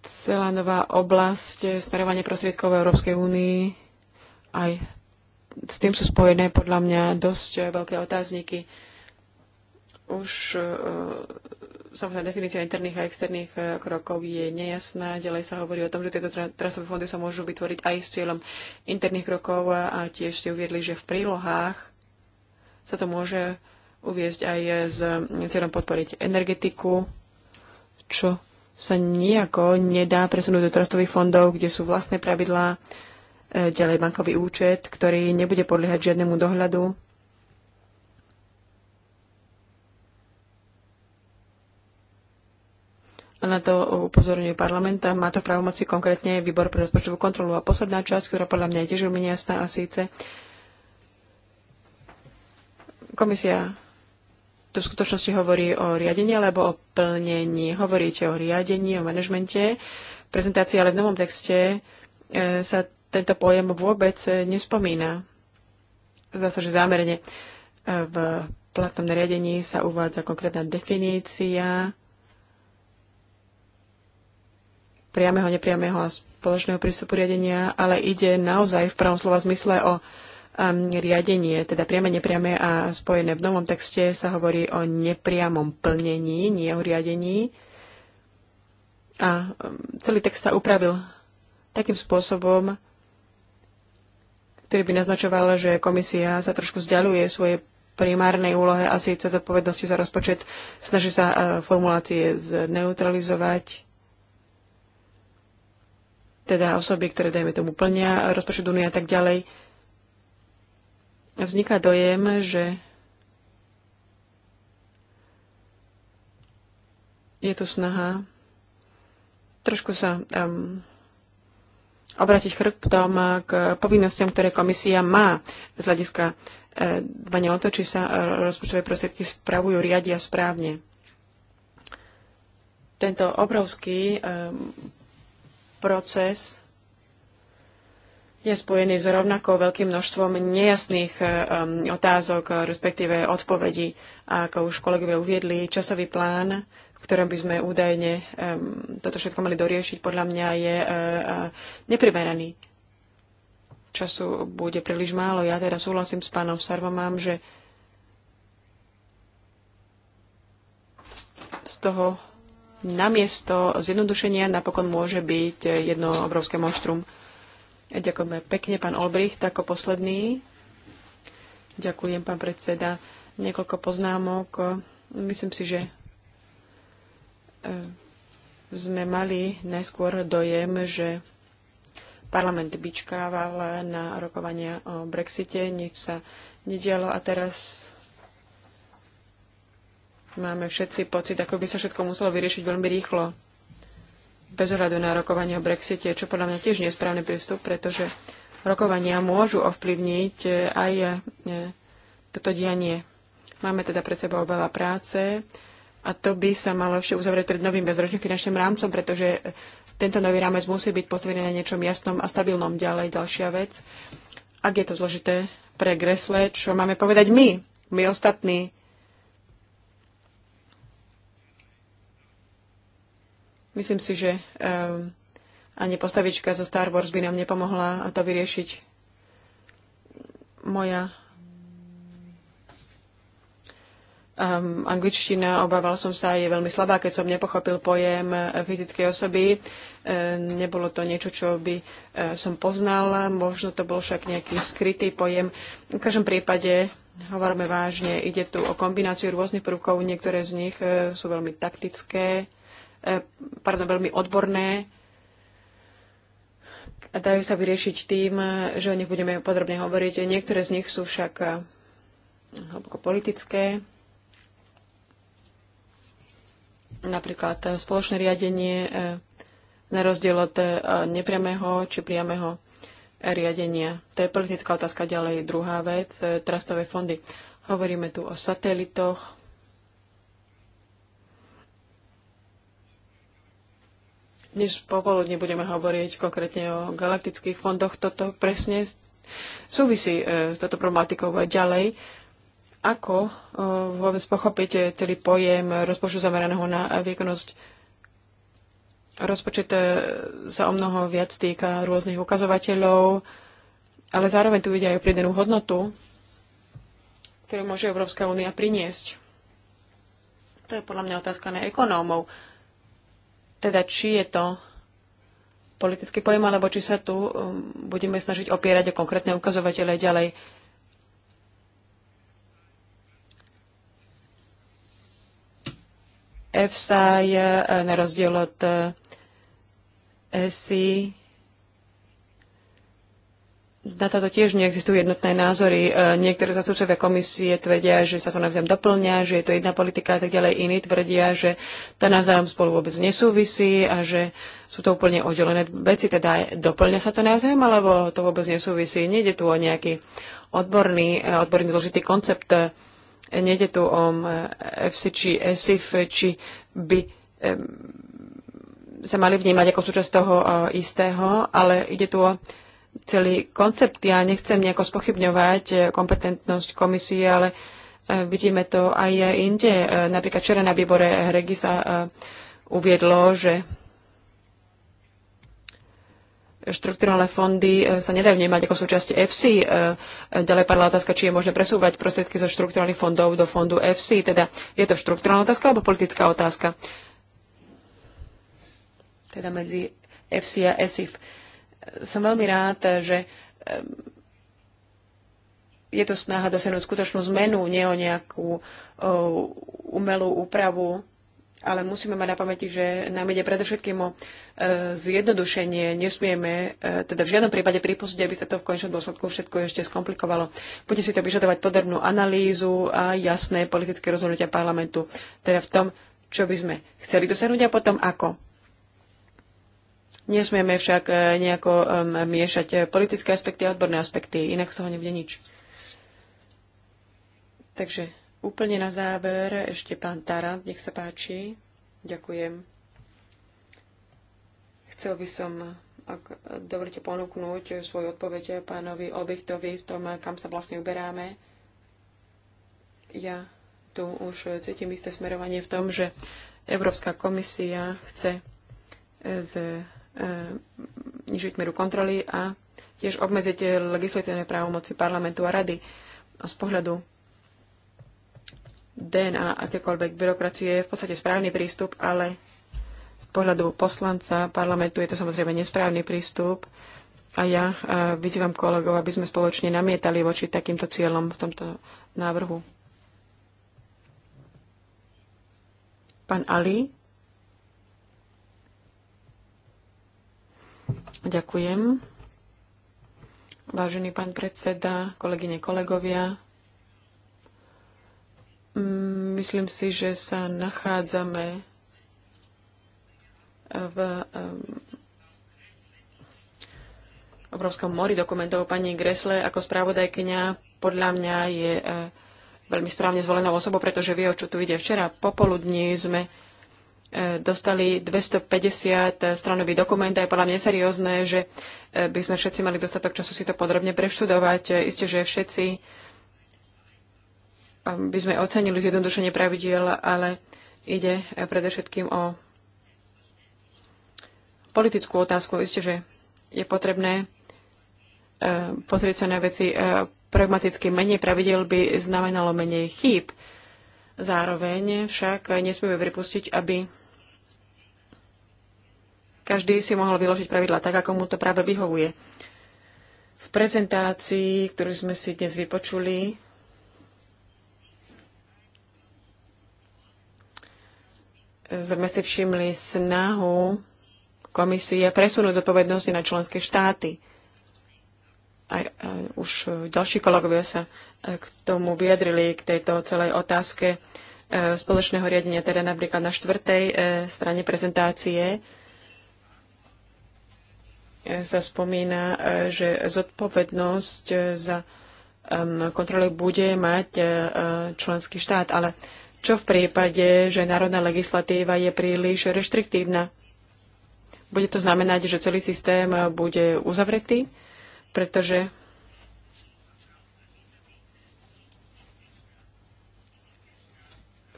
[SPEAKER 3] celá nová oblasť smerovania prostriedkov v Európskej únii aj s tým sú spojené podľa mňa dosť eh, veľké otázniky. Už eh, samozrejme definícia interných a externých eh, krokov je nejasná. Ďalej sa hovorí o tom, že tieto trasové fondy sa môžu vytvoriť aj s cieľom interných krokov a tiež ste uviedli, že v prílohách sa to môže uviezť aj s mm, cieľom podporiť energetiku, čo sa nejako nedá presunúť do trastových fondov, kde sú vlastné pravidlá, ďalej bankový účet, ktorý nebude podliehať žiadnemu dohľadu. A na to upozorňuje parlament a má to v právomoci konkrétne výbor pre rozpočtovú kontrolu. A posledná časť, ktorá podľa mňa je tiež veľmi nejasná, a síce komisia to v skutočnosti hovorí o riadení alebo o plnení. Hovoríte o riadení, o manažmente prezentácii, ale v novom texte e, sa tento pojem vôbec eh, nespomína. Zdá sa, že zámerne eh, v platnom nariadení sa uvádza konkrétna definícia priameho, nepriameho a spoločného prístupu riadenia, ale ide naozaj v pravom slova zmysle o um, riadenie, teda priame, nepriame a spojené. V novom texte sa hovorí o nepriamom plnení, nie o riadení. A um, celý text sa upravil takým spôsobom, ktorý by naznačoval, že komisia sa trošku vzdialuje svoje primárnej úlohe asi síce zodpovednosti za rozpočet. Snaží sa e, formulácie zneutralizovať, teda osoby, ktoré, dajme tomu, plnia rozpočet únie a tak ďalej. Vzniká dojem, že je tu snaha trošku sa um, obrátiť chrbtom eh, k povinnostiam, ktoré komisia má z hľadiska eh, dbania o to, či sa eh, rozpočtové prostriedky spravujú, riadia správne. Tento obrovský proces je spojený s rovnako veľkým množstvom nejasných otázok, respektíve odpovedí. A ako už kolegovia uviedli, časový plán v ktorom by sme údajne toto všetko mali doriešiť, podľa mňa je e, e, neprimeraný. Času bude príliš málo. Ja teda súhlasím s pánom Sarvomám, že z toho namiesto zjednodušenia napokon môže byť jedno obrovské monštrum. Ďakujem pekne, pán Olbricht, ako posledný. Ďakujem, pán predseda. Niekoľko poznámok. Myslím si, že E, sme mali najskôr dojem, že parlament byčkával na rokovania o Brexite, nič sa nedialo a teraz máme všetci pocit, ako by sa všetko muselo vyriešiť veľmi rýchlo. Bez ohľadu na rokovanie o Brexite, čo podľa mňa tiež nie je správny prístup, pretože rokovania môžu ovplyvniť aj e, toto dianie. Máme teda pred sebou veľa práce a to by sa malo ešte uzavrieť pred novým bezročným finančným rámcom, pretože tento nový rámec musí byť postavený na niečom jasnom a stabilnom. Ďalej ďalšia vec. Ak je to zložité pre Gresle, čo máme povedať my, my ostatní, Myslím si, že um, ani postavička zo Star Wars by nám nepomohla to vyriešiť. Moja Um, angličtina, obával som sa, je veľmi slabá, keď som nepochopil pojem eh, fyzickej osoby. E, nebolo to niečo, čo by e, som poznal, možno to bol však nejaký skrytý pojem. V každom prípade hovoríme vážne, ide tu o kombináciu rôznych prvkov, niektoré z nich e, sú veľmi taktické, e, pardon, veľmi odborné a dajú sa vyriešiť tým, že o nich budeme podrobne hovoriť. Niektoré z nich sú však hlboko politické, napríklad eh, spoločné riadenie eh, na rozdiel od eh, nepriamého či priamého riadenia. To je politická otázka ďalej. Druhá vec, trastové fondy. Hovoríme tu o satelitoch. Dnes popoludne budeme hovoriť konkrétne o galaktických fondoch. Toto presne súvisí s touto problematikou ďalej. Ako e, vôbec pochopíte celý pojem rozpočtu zameraného na výkonnosť? Rozpočet e, sa o mnoho viac týka rôznych ukazovateľov, ale zároveň tu vidia aj o pridanú hodnotu, ktorú môže Európska únia priniesť. To je podľa mňa otázka na ekonómov. Teda či je to politický pojem, alebo či sa tu um, budeme snažiť opierať o konkrétne ukazovatele ďalej. EFSA je e, na rozdiel od e, ESI na toto tiež neexistujú jednotné názory. E, niektoré zastupcovia komisie tvrdia, že sa to navzájom doplňa, že je to jedna politika a tak ďalej. Iní tvrdia, že to navzájom spolu vôbec nesúvisí a že sú to úplne oddelené veci. Teda doplňa sa to navzájom, alebo to vôbec nesúvisí. Nejde tu o nejaký odborný, odborný zložitý koncept. Nejde tu o FC či ESIF, či by sa mali vnímať ako súčasť toho e, istého, ale ide tu o celý koncept. Ja nechcem nejako spochybňovať e, kompetentnosť komisie, ale e, vidíme to aj inde. Napríklad včera na výbore Regi sa uviedlo, že štrukturálne fondy e, sa nedajú vnímať ako súčasť FC. E, e, ďalej padla otázka, či je možné presúvať prostriedky zo štrukturálnych fondov do fondu FC. Teda je to štrukturálna otázka alebo politická otázka? Teda medzi FC a ESIF. Som veľmi rád, že je to snaha dosiahnuť skutočnú zmenu, nie o nejakú umelú úpravu ale musíme mať na pamäti, že nám ide predovšetkým o e, zjednodušenie. Nesmieme e, teda v žiadnom prípade pripustiť, aby sa to v končnom dôsledku všetko ešte skomplikovalo. Bude si to vyžadovať podrobnú analýzu a jasné politické rozhodnutia parlamentu, teda v tom, čo by sme chceli dosiahnuť a potom ako. Nesmieme však e, nejako miešať politické aspekty a odborné aspekty, inak z toho nebude nič. Takže Úplne na záver ešte pán Tarant, nech sa páči. Ďakujem. Chcel by som, ak dovolíte, ponúknuť svoju odpoveď pánovi Obichtovi v tom, kam sa vlastne uberáme. Ja tu už cítim isté smerovanie v tom, že Európska komisia chce e, e, nižiť mieru kontroly a tiež obmedziť legislatívne právomoci parlamentu a rady. Z pohľadu DNA akékoľvek byrokracie je v podstate správny prístup, ale z pohľadu poslanca parlamentu je to samozrejme nesprávny prístup a ja e, vyzývam kolegov, aby sme spoločne namietali voči takýmto cieľom v tomto návrhu. Pán Ali. Ďakujem. Vážený pán predseda, kolegyne, kolegovia, Mm, myslím si, že sa nachádzame v obrovskom mori dokumentov pani Gresle ako správodajkyňa podľa mňa je e, veľmi správne zvolenou osobou, pretože vie, o čo tu ide. Včera popoludní sme e, dostali 250 stranový dokument a je podľa mňa seriózne, že e, by sme všetci mali dostatok času si to podrobne preštudovať. Isté, že všetci by sme ocenili zjednodušenie pravidiel, ale ide predovšetkým o politickú otázku. Isté, že je potrebné e, pozrieť sa na veci e, pragmaticky. Menej pravidel by znamenalo menej chýb. Zároveň však nesmieme pripustiť, aby každý si mohol vyložiť pravidla tak, ako mu to práve vyhovuje. V prezentácii, ktorú sme si dnes vypočuli, sme si všimli snahu komisie presunúť zodpovednosti na členské štáty. Aj, aj už ďalší kolegovia sa e, k tomu vyjadrili, k tejto celej otázke e, spoločného riadenia, teda napríklad na štvrtej e, strane prezentácie sa spomína, že zodpovednosť za kontrolu bude mať členský štát, ale čo v prípade, že národná legislatíva je príliš reštriktívna? Bude to znamenať, že celý systém bude uzavretý, pretože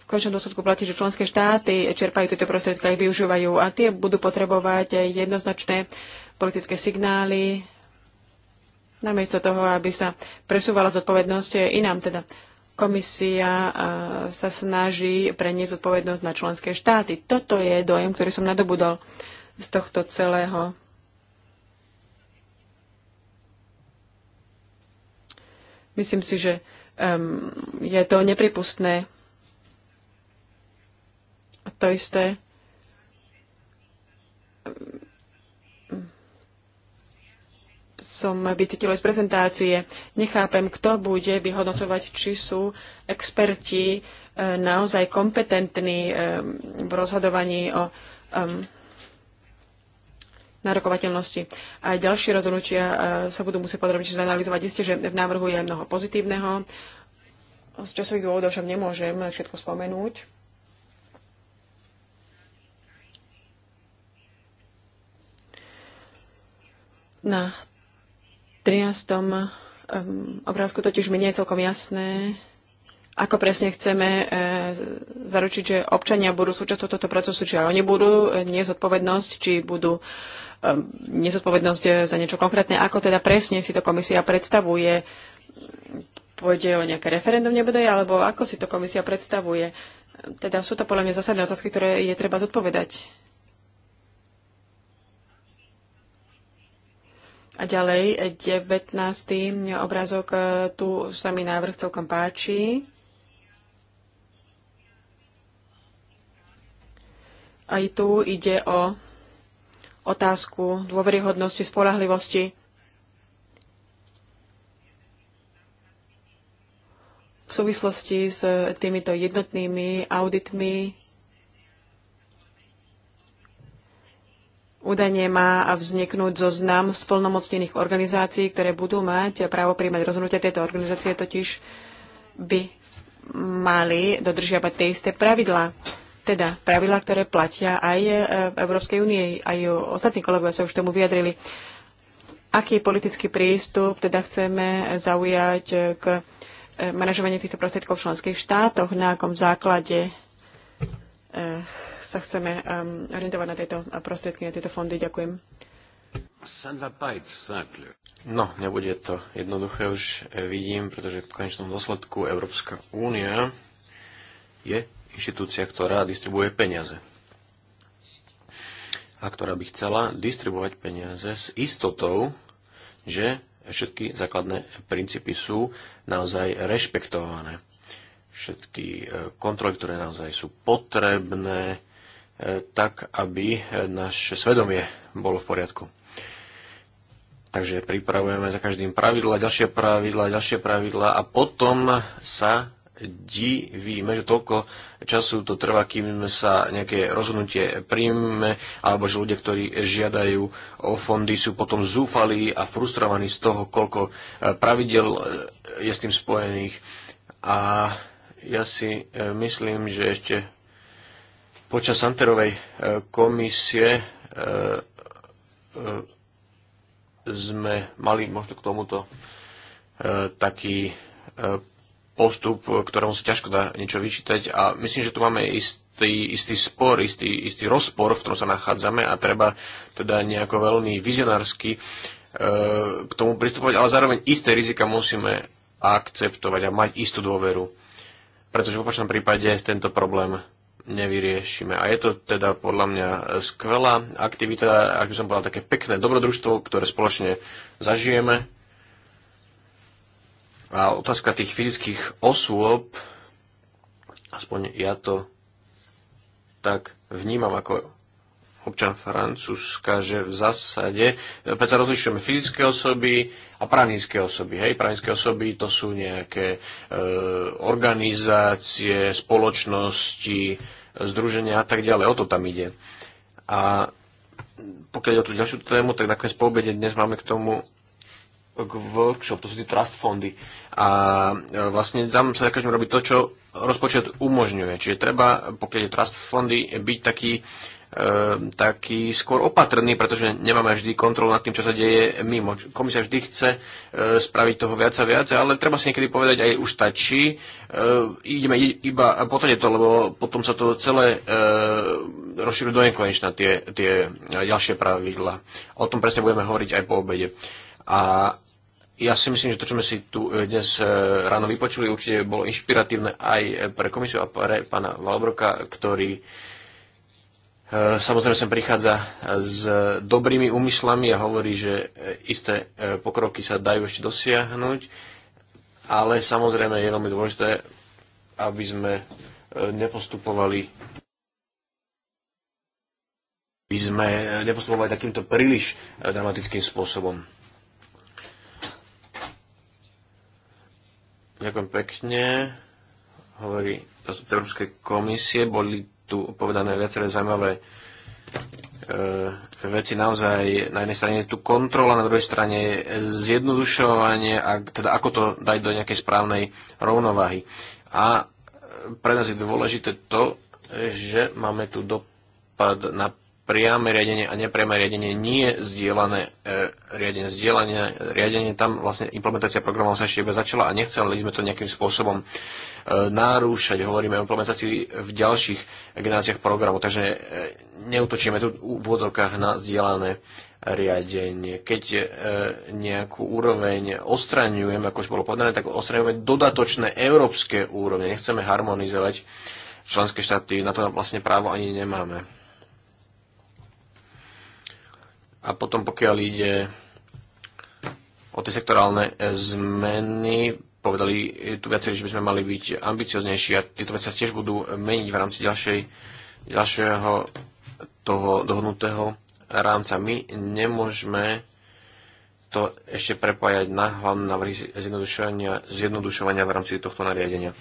[SPEAKER 3] V končnom dôsledku platí, že členské štáty čerpajú tieto prostriedky a ich využívajú a tie budú potrebovať aj jednoznačné politické signály, namiesto toho, aby sa presúvala zodpovednosť inám. Teda Komisia sa snaží preniesť zodpovednosť na členské štáty. Toto je dojem, ktorý som nadobudol z tohto celého. Myslím si, že um, je to nepripustné. To isté som vycítila z prezentácie. Nechápem, kto bude vyhodnocovať, či sú experti e, naozaj kompetentní e, v rozhodovaní o narokovateľnosti. A ďalšie rozhodnutia e, sa budú musieť podrobne zanalizovať. Isté, že v návrhu je mnoho pozitívneho. Z časových dôvodov však nemôžem všetko spomenúť. Na 13. Um, obrázku totiž mi nie je celkom jasné, ako presne chceme e, zaručiť, že občania budú súčasťou tohto procesu, či oni budú e, niesť zodpovednosť, či budú um, e, nezodpovednosť za niečo konkrétne. Ako teda presne si to komisia predstavuje? Pôjde o nejaké referendum nebude, alebo ako si to komisia predstavuje? Teda sú to podľa mňa zásadné otázky, ktoré je treba zodpovedať. A ďalej, 19. obrázok, e, tu sa mi návrh celkom páči. Aj tu ide o otázku dôveryhodnosti, spolahlivosti. V súvislosti s týmito jednotnými auditmi Údajne má vzniknúť zoznam splnomocnených organizácií, ktoré budú mať právo príjmať rozhodnutia. Tieto organizácie totiž by mali dodržiavať tie isté pravidlá. Teda pravidlá, ktoré platia aj e, v Európskej únie. Aj ostatní kolegovia sa už tomu vyjadrili. Aký politický prístup teda chceme zaujať k e, manažovaniu týchto prostriedkov v členských štátoch, na akom základe e, sa chceme um, orientovať na tieto prostriedky, na tieto fondy. Ďakujem.
[SPEAKER 1] No,
[SPEAKER 2] nebude to jednoduché, už eh, vidím, pretože v konečnom dôsledku Európska únia je inštitúcia, ktorá distribuje peniaze a ktorá by chcela distribuovať peniaze s istotou, že všetky základné princípy sú naozaj rešpektované. Všetky eh, kontroly, ktoré naozaj sú potrebné, tak, aby naše svedomie bolo v poriadku. Takže pripravujeme za každým pravidla, ďalšie pravidla, ďalšie pravidla a potom sa divíme, že toľko času to trvá, kým sa nejaké rozhodnutie príjme, alebo že ľudia, ktorí žiadajú o fondy, sú potom zúfalí a frustrovaní z toho, koľko eh, pravidel eh, je s tým spojených. A ja si eh, myslím, že ešte Počas Santerovej e, komisie e, e, sme mali možno k tomuto taký postup, ktorému sa ťažko dá niečo vyčítať a myslím, že tu máme istý, istý spor, istý, istý rozpor, v ktorom sa nachádzame a treba teda nejako veľmi vizionársky k tomu pristupovať, ale zároveň isté rizika musíme akceptovať a mať istú dôveru. Pretože v opačnom prípade tento problém nevyriešime. A je to teda podľa mňa skvelá aktivita, ak by som povedal, také pekné dobrodružstvo, ktoré spoločne zažijeme. A otázka tých fyzických osôb, aspoň ja to tak vnímam ako občan Francúzska, že v zásade, predsa rozlišujeme fyzické osoby a právnické osoby. Hej, právnické osoby to sú nejaké e, organizácie, spoločnosti, združenia a tak ďalej. O to tam ide. A pokiaľ ide o tú ďalšiu tému, tak nakoniec po obede dnes máme k tomu k workshop, to sú tie trust fondy. A e, vlastne tam sa dokážeme robiť to, čo rozpočet umožňuje. Čiže treba, pokiaľ je trust fondy, byť taký Ehm, taký skôr opatrný, pretože nemáme vždy kontrolu nad tým, čo sa deje mimo. Komisia vždy chce e, spraviť toho viac a viac, ale treba si niekedy povedať aj už stačí. E, ideme iba po to, lebo potom sa to celé e, rozširuje do nekonečna tie, tie ďalšie pravidla. O tom presne budeme hovoriť aj po obede. A ja si myslím, že to, čo sme si tu dnes ráno vypočuli, určite bolo inšpiratívne aj pre komisiu a pre pána Valbroka, ktorý uh, Eh, samozrejme sem prichádza eh, s dobrými úmyslami a hovorí, že eh, isté pokroky sa dajú ešte dosiahnuť, ale samozrejme je veľmi dôležité, aby sme nepostupovali by sme nepostupovali takýmto príliš dramatickým spôsobom. Ďakujem pekne. Hovorí Európskej komisie. Boli tu povedané viaceré zaujímavé e, veci naozaj na jednej strane je tu kontrola, na druhej strane zjednodušovanie, a, teda ako to dať do nejakej správnej rovnováhy. A pre nás je dôležité to, že máme tu dopad na priame riadenie a nepriame riadenie nie zdieľané e, riadenie. Zdieľanie, riadenie tam vlastne implementácia programov sa ešte iba začala a nechceli sme to nejakým spôsobom narúšať. Hovoríme o implementácii v ďalších generáciách programov, takže e, neutočíme tu v úvodzovkách na vzdielané riadenie. Keď e, nejakú úroveň ostraňujeme, ako už bolo povedané, tak ostraňujeme dodatočné európske úrovne. Nechceme harmonizovať členské štáty, na to vlastne právo ani nemáme. A potom pokiaľ ide o tie sektorálne e, zmeny, Povedali tu viacerí, že by sme mali byť ambicioznejší a tieto veci sa tiež budú meniť v rámci ďalšej, ďalšieho toho dohodnutého rámca. My nemôžeme to ešte prepájať na hlavné návrhy zjednodušovania, zjednodušovania v rámci tohto nariadenia.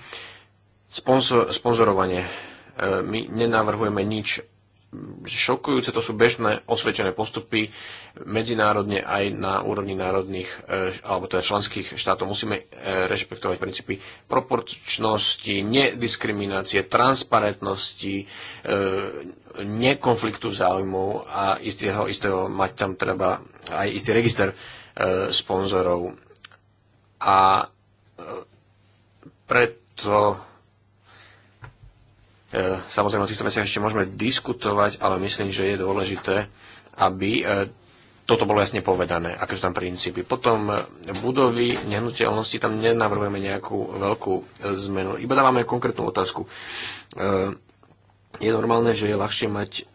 [SPEAKER 2] sponzorovanie. E, my nenavrhujeme nič šokujúce, to sú bežné osvedčené postupy medzinárodne aj na úrovni národných e, alebo teda členských štátov. Musíme e, rešpektovať princípy proporčnosti, nediskriminácie, transparentnosti, e, nekonfliktu záujmov a istého, istého mať tam treba aj istý register sponzorov. A preto E, samozrejme, o týchto veciach ešte môžeme diskutovať, ale myslím, že je dôležité, aby e, toto bolo jasne povedané, aké sú tam princípy. Potom e, budovy, nehnuteľnosti, tam nenavrhujeme nejakú veľkú zmenu, iba dávame konkrétnu otázku. Je normálne, že je ľahšie mať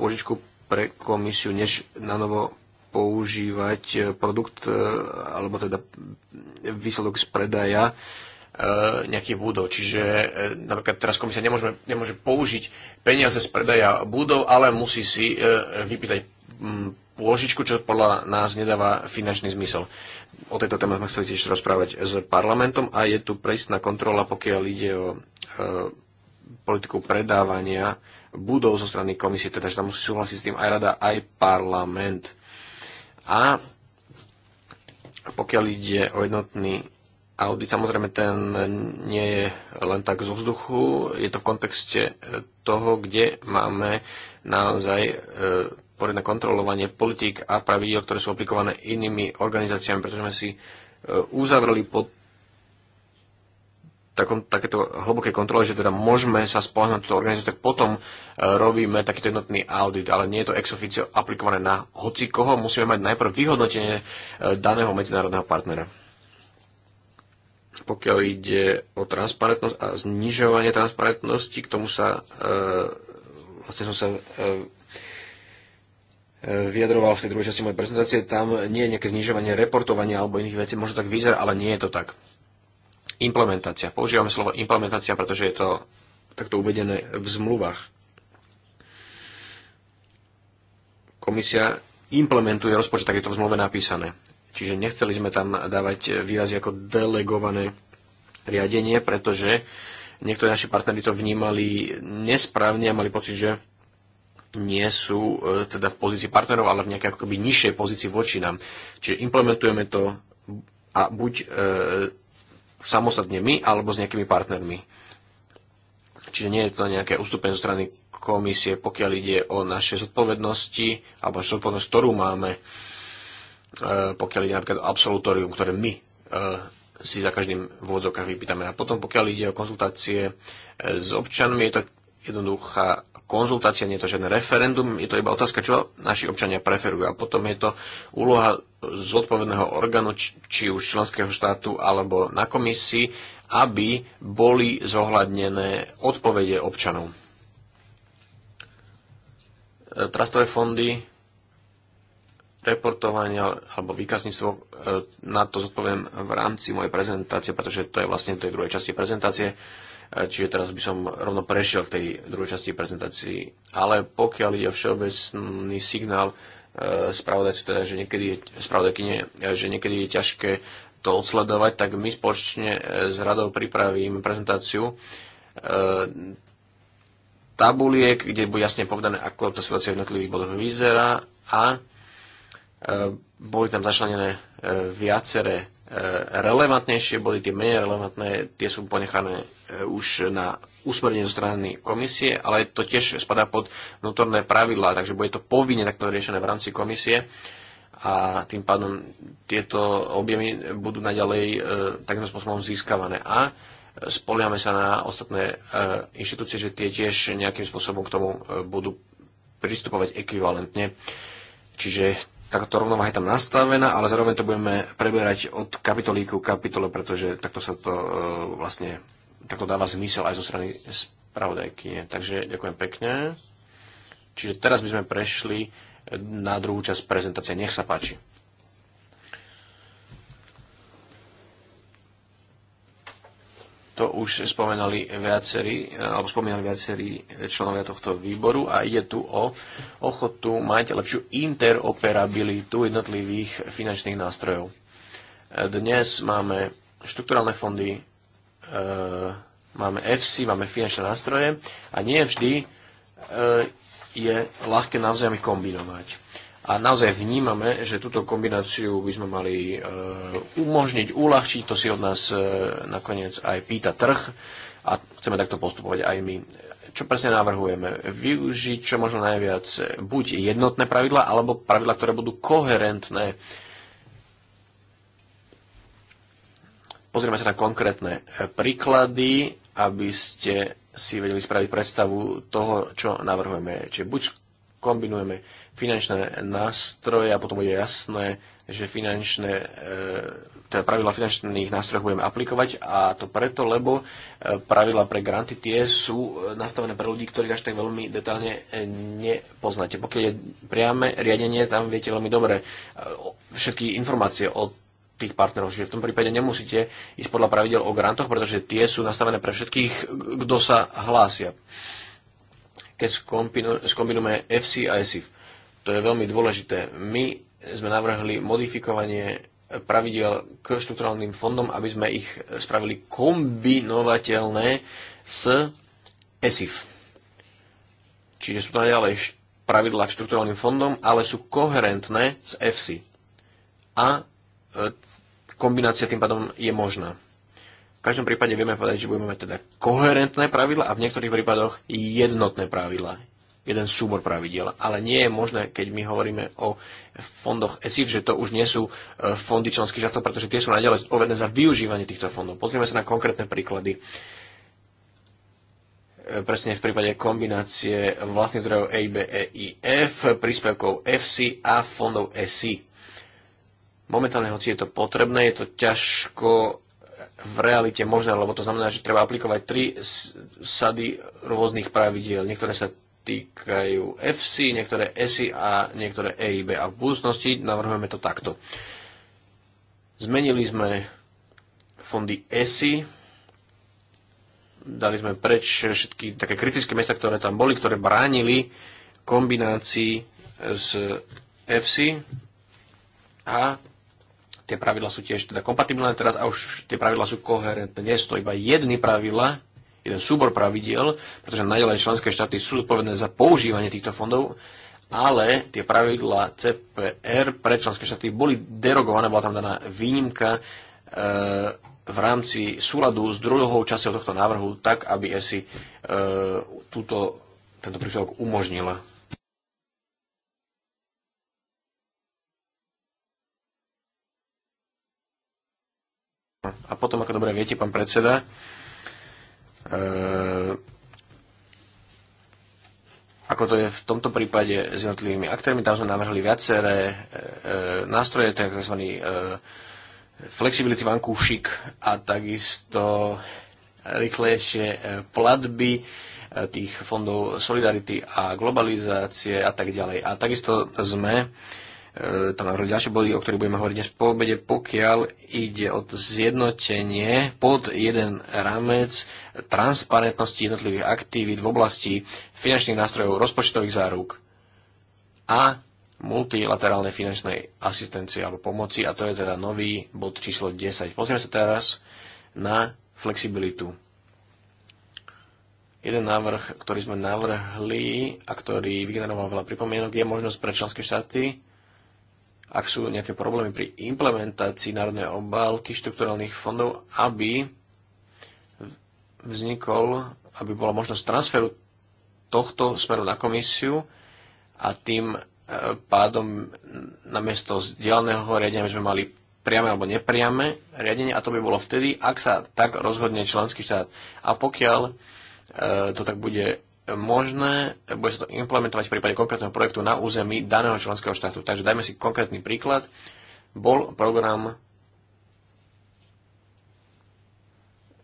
[SPEAKER 2] požičku pre komisiu, než na novo používať produkt alebo teda výsledok z predaja E, nejakých budov. Čiže e, napríklad teraz komisia nemôže, nemôže použiť peniaze z predaja budov, ale musí si e, vypýtať pôžičku, čo podľa nás nedáva finančný zmysel. O tejto téme sme chceli tiež rozprávať s parlamentom a je tu prísna kontrola, pokiaľ ide o e, politiku predávania budov zo strany komisie, teda že tam musí súhlasiť s tým aj rada, aj parlament. A pokiaľ ide o jednotný audit samozrejme ten nie je len tak zo vzduchu, je to v kontexte e, toho, kde máme naozaj e, poriadne kontrolovanie politík a pravidel, ktoré sú aplikované inými organizáciami, pretože sme si e, uzavreli pod takom, takéto hlboké kontrole, že teda môžeme sa spolahnuť na túto organizáciu, tak potom e, robíme takýto jednotný audit, ale nie je to ex officio aplikované na hoci koho, musíme mať najprv vyhodnotenie e, daného medzinárodného partnera pokiaľ ide o transparentnosť a znižovanie transparentnosti, k tomu sa e, vlastne som sa e, e, vyjadroval v tej druhej časti mojej prezentácie, tam nie je nejaké znižovanie reportovania alebo iných vecí, možno tak vyzerá, ale nie je to tak. Implementácia. Používame slovo implementácia, pretože je to takto uvedené v zmluvách. Komisia implementuje rozpočet, tak je to v zmluve napísané. Čiže nechceli sme tam dávať výrazy ako delegované riadenie, pretože niektorí naši partneri to vnímali nesprávne a mali pocit, že nie sú e, teda v pozícii partnerov, ale v nejakej akoby nižšej pozícii voči nám. Čiže implementujeme to a buď e, samostatne my, alebo s nejakými partnermi. Čiže nie je to nejaké ustúpenie zo strany komisie, pokiaľ ide o naše zodpovednosti, alebo zodpovednosť, ktorú máme E, pokiaľ ide napríklad o absolutórium, ktoré my e, si za každým v odzokách vypýtame. A potom, pokiaľ ide o konzultácie e, s občanmi, je to jednoduchá konzultácia, nie je to žiadne referendum, je to iba otázka, čo naši občania preferujú. A potom je to úloha zodpovedného orgánu, či už členského štátu alebo na komisii, aby boli zohľadnené odpovede občanov. Trastové fondy reportovanie alebo výkazníctvo, e, na to zodpoviem v rámci mojej prezentácie, pretože to je vlastne v tej druhej časti prezentácie, e, čiže teraz by som rovno prešiel k tej druhej časti prezentácii. Ale pokiaľ je všeobecný signál e, spravodajcu, teda, že niekedy, spravodajkyne, že niekedy je ťažké to odsledovať, tak my spoločne s radou pripravím prezentáciu tabuliek, kde bude jasne povedané, ako to situácia v jednotlivých bodoch vyzerá a E, boli tam začlenené e, viaceré e, relevantnejšie, boli tie menej relevantné, tie sú ponechané už na usmernenie zo strany komisie, ale to tiež spadá pod vnútorné pravidlá, takže bude to povinne takto riešené v rámci komisie a tým pádom tieto objemy budú naďalej e, takým spôsobom získavané. A spoliame sa na ostatné e, inštitúcie, že tie tiež nejakým spôsobom k tomu e, budú pristupovať ekvivalentne. Čiže Takáto rovnováha je tam nastavená, ale zároveň to budeme preberať od kapitoly ku kapitole, pretože takto sa to uh, vlastne takto dáva zmysel aj zo strany spravodajky. Takže ďakujem pekne. Čiže teraz by sme prešli na druhú časť prezentácie. Nech sa páči. To už spomenali viacerí, e, alebo spomínali viacerí členovia tohto výboru a ide tu o ochotu mať lepšiu interoperabilitu jednotlivých finančných nástrojov. E, dnes máme štrukturálne fondy, e, máme FC, máme finančné nástroje a nie vždy je ľahké navzájom ich kombinovať a naozaj vnímame, že túto kombináciu by sme mali e, umožniť, uľahčiť, to si od nás e, nakoniec aj pýta trh a chceme takto postupovať aj my. Čo presne navrhujeme? Využiť čo možno najviac e, buď jednotné pravidla, alebo pravidla, ktoré budú koherentné. Pozrieme sa na konkrétne e, príklady, aby ste si vedeli spraviť predstavu toho, čo navrhujeme. Čiže buď kombinujeme finančné nástroje a potom bude jasné, že finančné, e, teda pravidla finančných nástrojov budeme aplikovať a to preto, lebo e, pravidla pre granty tie sú e, nastavené pre ľudí, ktorých až tak veľmi detálne nepoznáte. Pokiaľ je priame riadenie, tam viete veľmi dobre všetky informácie o tých partnerov. Čiže v tom prípade nemusíte ísť podľa pravidel o grantoch, pretože tie sú nastavené pre všetkých, kto sa hlásia. Keď skombinujeme FC a ESIF to je veľmi dôležité. My sme navrhli modifikovanie pravidel k štruktúrálnym fondom, aby sme ich spravili kombinovateľné s ESIF. Čiže sú tam ďalej pravidlá k štruktúrálnym fondom, ale sú koherentné s EFSI. A e, kombinácia tým pádom je možná. V každom prípade vieme povedať, že budeme mať teda koherentné pravidla a v niektorých prípadoch jednotné pravidla jeden súbor pravidel. Ale nie je možné, keď my hovoríme o fondoch ESIF, že to už nie sú e, fondy členských štátov, pretože tie sú naďalej zodpovedné za využívanie týchto fondov. Pozrieme sa na konkrétne príklady. E, presne v prípade kombinácie vlastných zdrojov EIBEIF, príspevkov FC a fondov ESI. Momentálne, hoci je to potrebné, je to ťažko e, v realite možné, lebo to znamená, že treba aplikovať tri sady rôznych pravidiel. Niektoré sa týkajú FC, niektoré SI a niektoré EIB. A v budúcnosti navrhujeme to takto. Zmenili sme fondy ESI, dali sme preč všetky také kritické miesta, ktoré tam boli, ktoré bránili kombinácii s FC a tie pravidla sú tiež teda kompatibilné teraz a už tie pravidla sú koherentné. Nie sú to iba jedny pravidla, jeden súbor pravidiel, pretože naďalej členské štáty sú zodpovedné za používanie týchto fondov, ale tie pravidlá CPR pre členské štáty boli derogované, bola tam daná výnimka e, v rámci súladu s druhou časťou tohto návrhu, tak aby ESI e, túto, tento príspevok umožnila. A potom, ako dobre viete, pán predseda, E, ako to je v tomto prípade s jednotlivými aktérmi. Tam sme navrhli viaceré e, e, nástroje, tzv. flexibility vankúšik a takisto rýchlejšie platby tých fondov Solidarity a globalizácie a tak ďalej. A takisto sme E, tam navrhli ďalšie body, o ktorých budeme hovoriť dnes po obede, pokiaľ ide o zjednotenie pod jeden ramec transparentnosti jednotlivých aktivít v oblasti finančných nástrojov, rozpočtových záruk a multilaterálnej finančnej asistencie alebo pomoci a to je teda nový bod číslo 10. Pozrieme sa teraz na flexibilitu. Jeden návrh, ktorý sme navrhli a ktorý vygeneroval veľa pripomienok, je možnosť pre členské štáty ak sú nejaké problémy pri implementácii národnej obálky štrukturálnych fondov, aby vznikol, aby bola možnosť transferu tohto smeru na komisiu a tým e, pádom namiesto zdieľaného riadenia by sme mali priame alebo nepriame riadenie a to by bolo vtedy, ak sa tak rozhodne členský štát. A pokiaľ e, to tak bude možné, bude sa to implementovať v prípade konkrétneho projektu na území daného členského štátu. Takže dajme si konkrétny príklad. Bol program,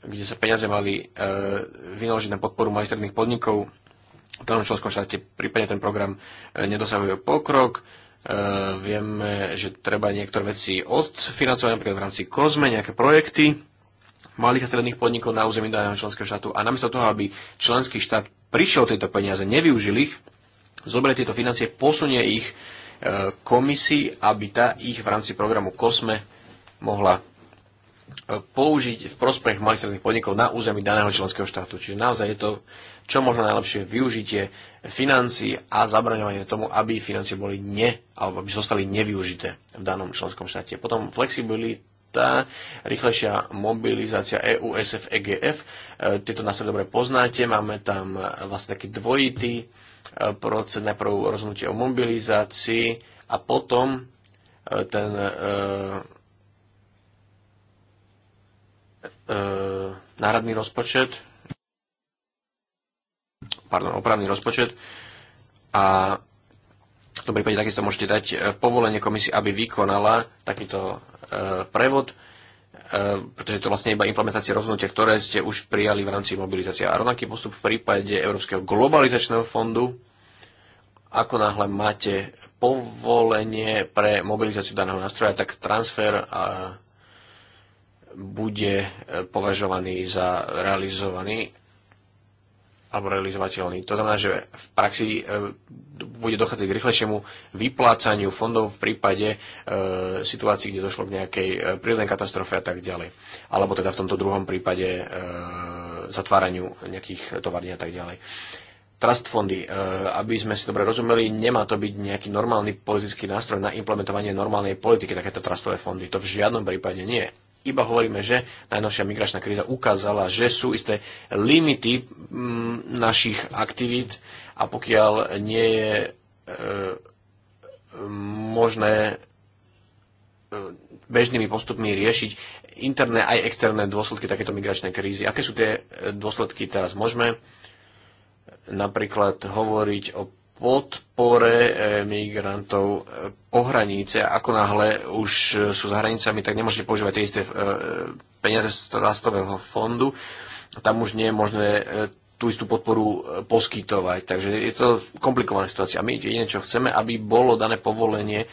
[SPEAKER 2] kde sa peniaze mali e, vynaložiť na podporu malých stredných podnikov. V danom členskom štáte prípadne ten program e, nedosahuje pokrok. E, vieme, že treba niektoré veci odfinancovať, napríklad v rámci COSME, nejaké projekty malých a stredných podnikov na území daného členského štátu a namiesto toho, aby členský štát prišiel tieto peniaze, nevyužil ich, zoberie tieto financie, posunie ich e, komisii, aby tá ich v rámci programu COSME mohla e, použiť v prospech malých podnikov na území daného členského štátu. Čiže naozaj je to čo možno najlepšie využitie financií a zabraňovanie tomu, aby financie boli ne, alebo aby zostali nevyužité v danom členskom štáte. Potom flexibilita tá rýchlejšia mobilizácia EU, SF, EGF. E, tieto nástroje dobre poznáte, máme tam e, vlastne taký dvojitý e, proces, najprv rozhodnutie o mobilizácii a potom ten náhradný rozpočet, pardon, opravný rozpočet a v tom prípade takisto môžete dať povolenie komisii, aby vykonala takýto E, prevod, e, pretože to vlastne iba implementácia rozhodnutia, ktoré ste už prijali v rámci mobilizácie. A rovnaký postup v prípade Európskeho globalizačného fondu, ako náhle máte povolenie pre mobilizáciu daného nástroja, tak transfer a e, bude považovaný za realizovaný alebo realizovateľný. To znamená, že v praxi e, bude dochádzať k rýchlejšiemu vyplácaniu fondov v prípade e, situácií, kde došlo k nejakej e, prírodnej katastrofe a tak ďalej. Alebo teda v tomto druhom prípade e, zatváraniu nejakých tovarní a tak ďalej. Trust fondy, e, aby sme si dobre rozumeli, nemá to byť nejaký normálny politický nástroj na implementovanie normálnej politiky, takéto trustové fondy. To v žiadnom prípade nie iba hovoríme, že najnovšia migračná kríza ukázala, že sú isté limity mm, našich aktivít a pokiaľ nie je e, možné e, bežnými postupmi riešiť interné aj externé dôsledky takéto migračnej krízy. Aké sú tie e, dôsledky teraz? Môžeme napríklad hovoriť o podpore eh, migrantov eh, po hranice. Ako náhle už eh, sú za hranicami, tak nemôžete používať tie isté peniaze z rastového fondu. Tam už nie je možné tú istú podporu poskytovať. Takže je to komplikovaná situácia. My jediné, čo chceme, aby bolo dané povolenie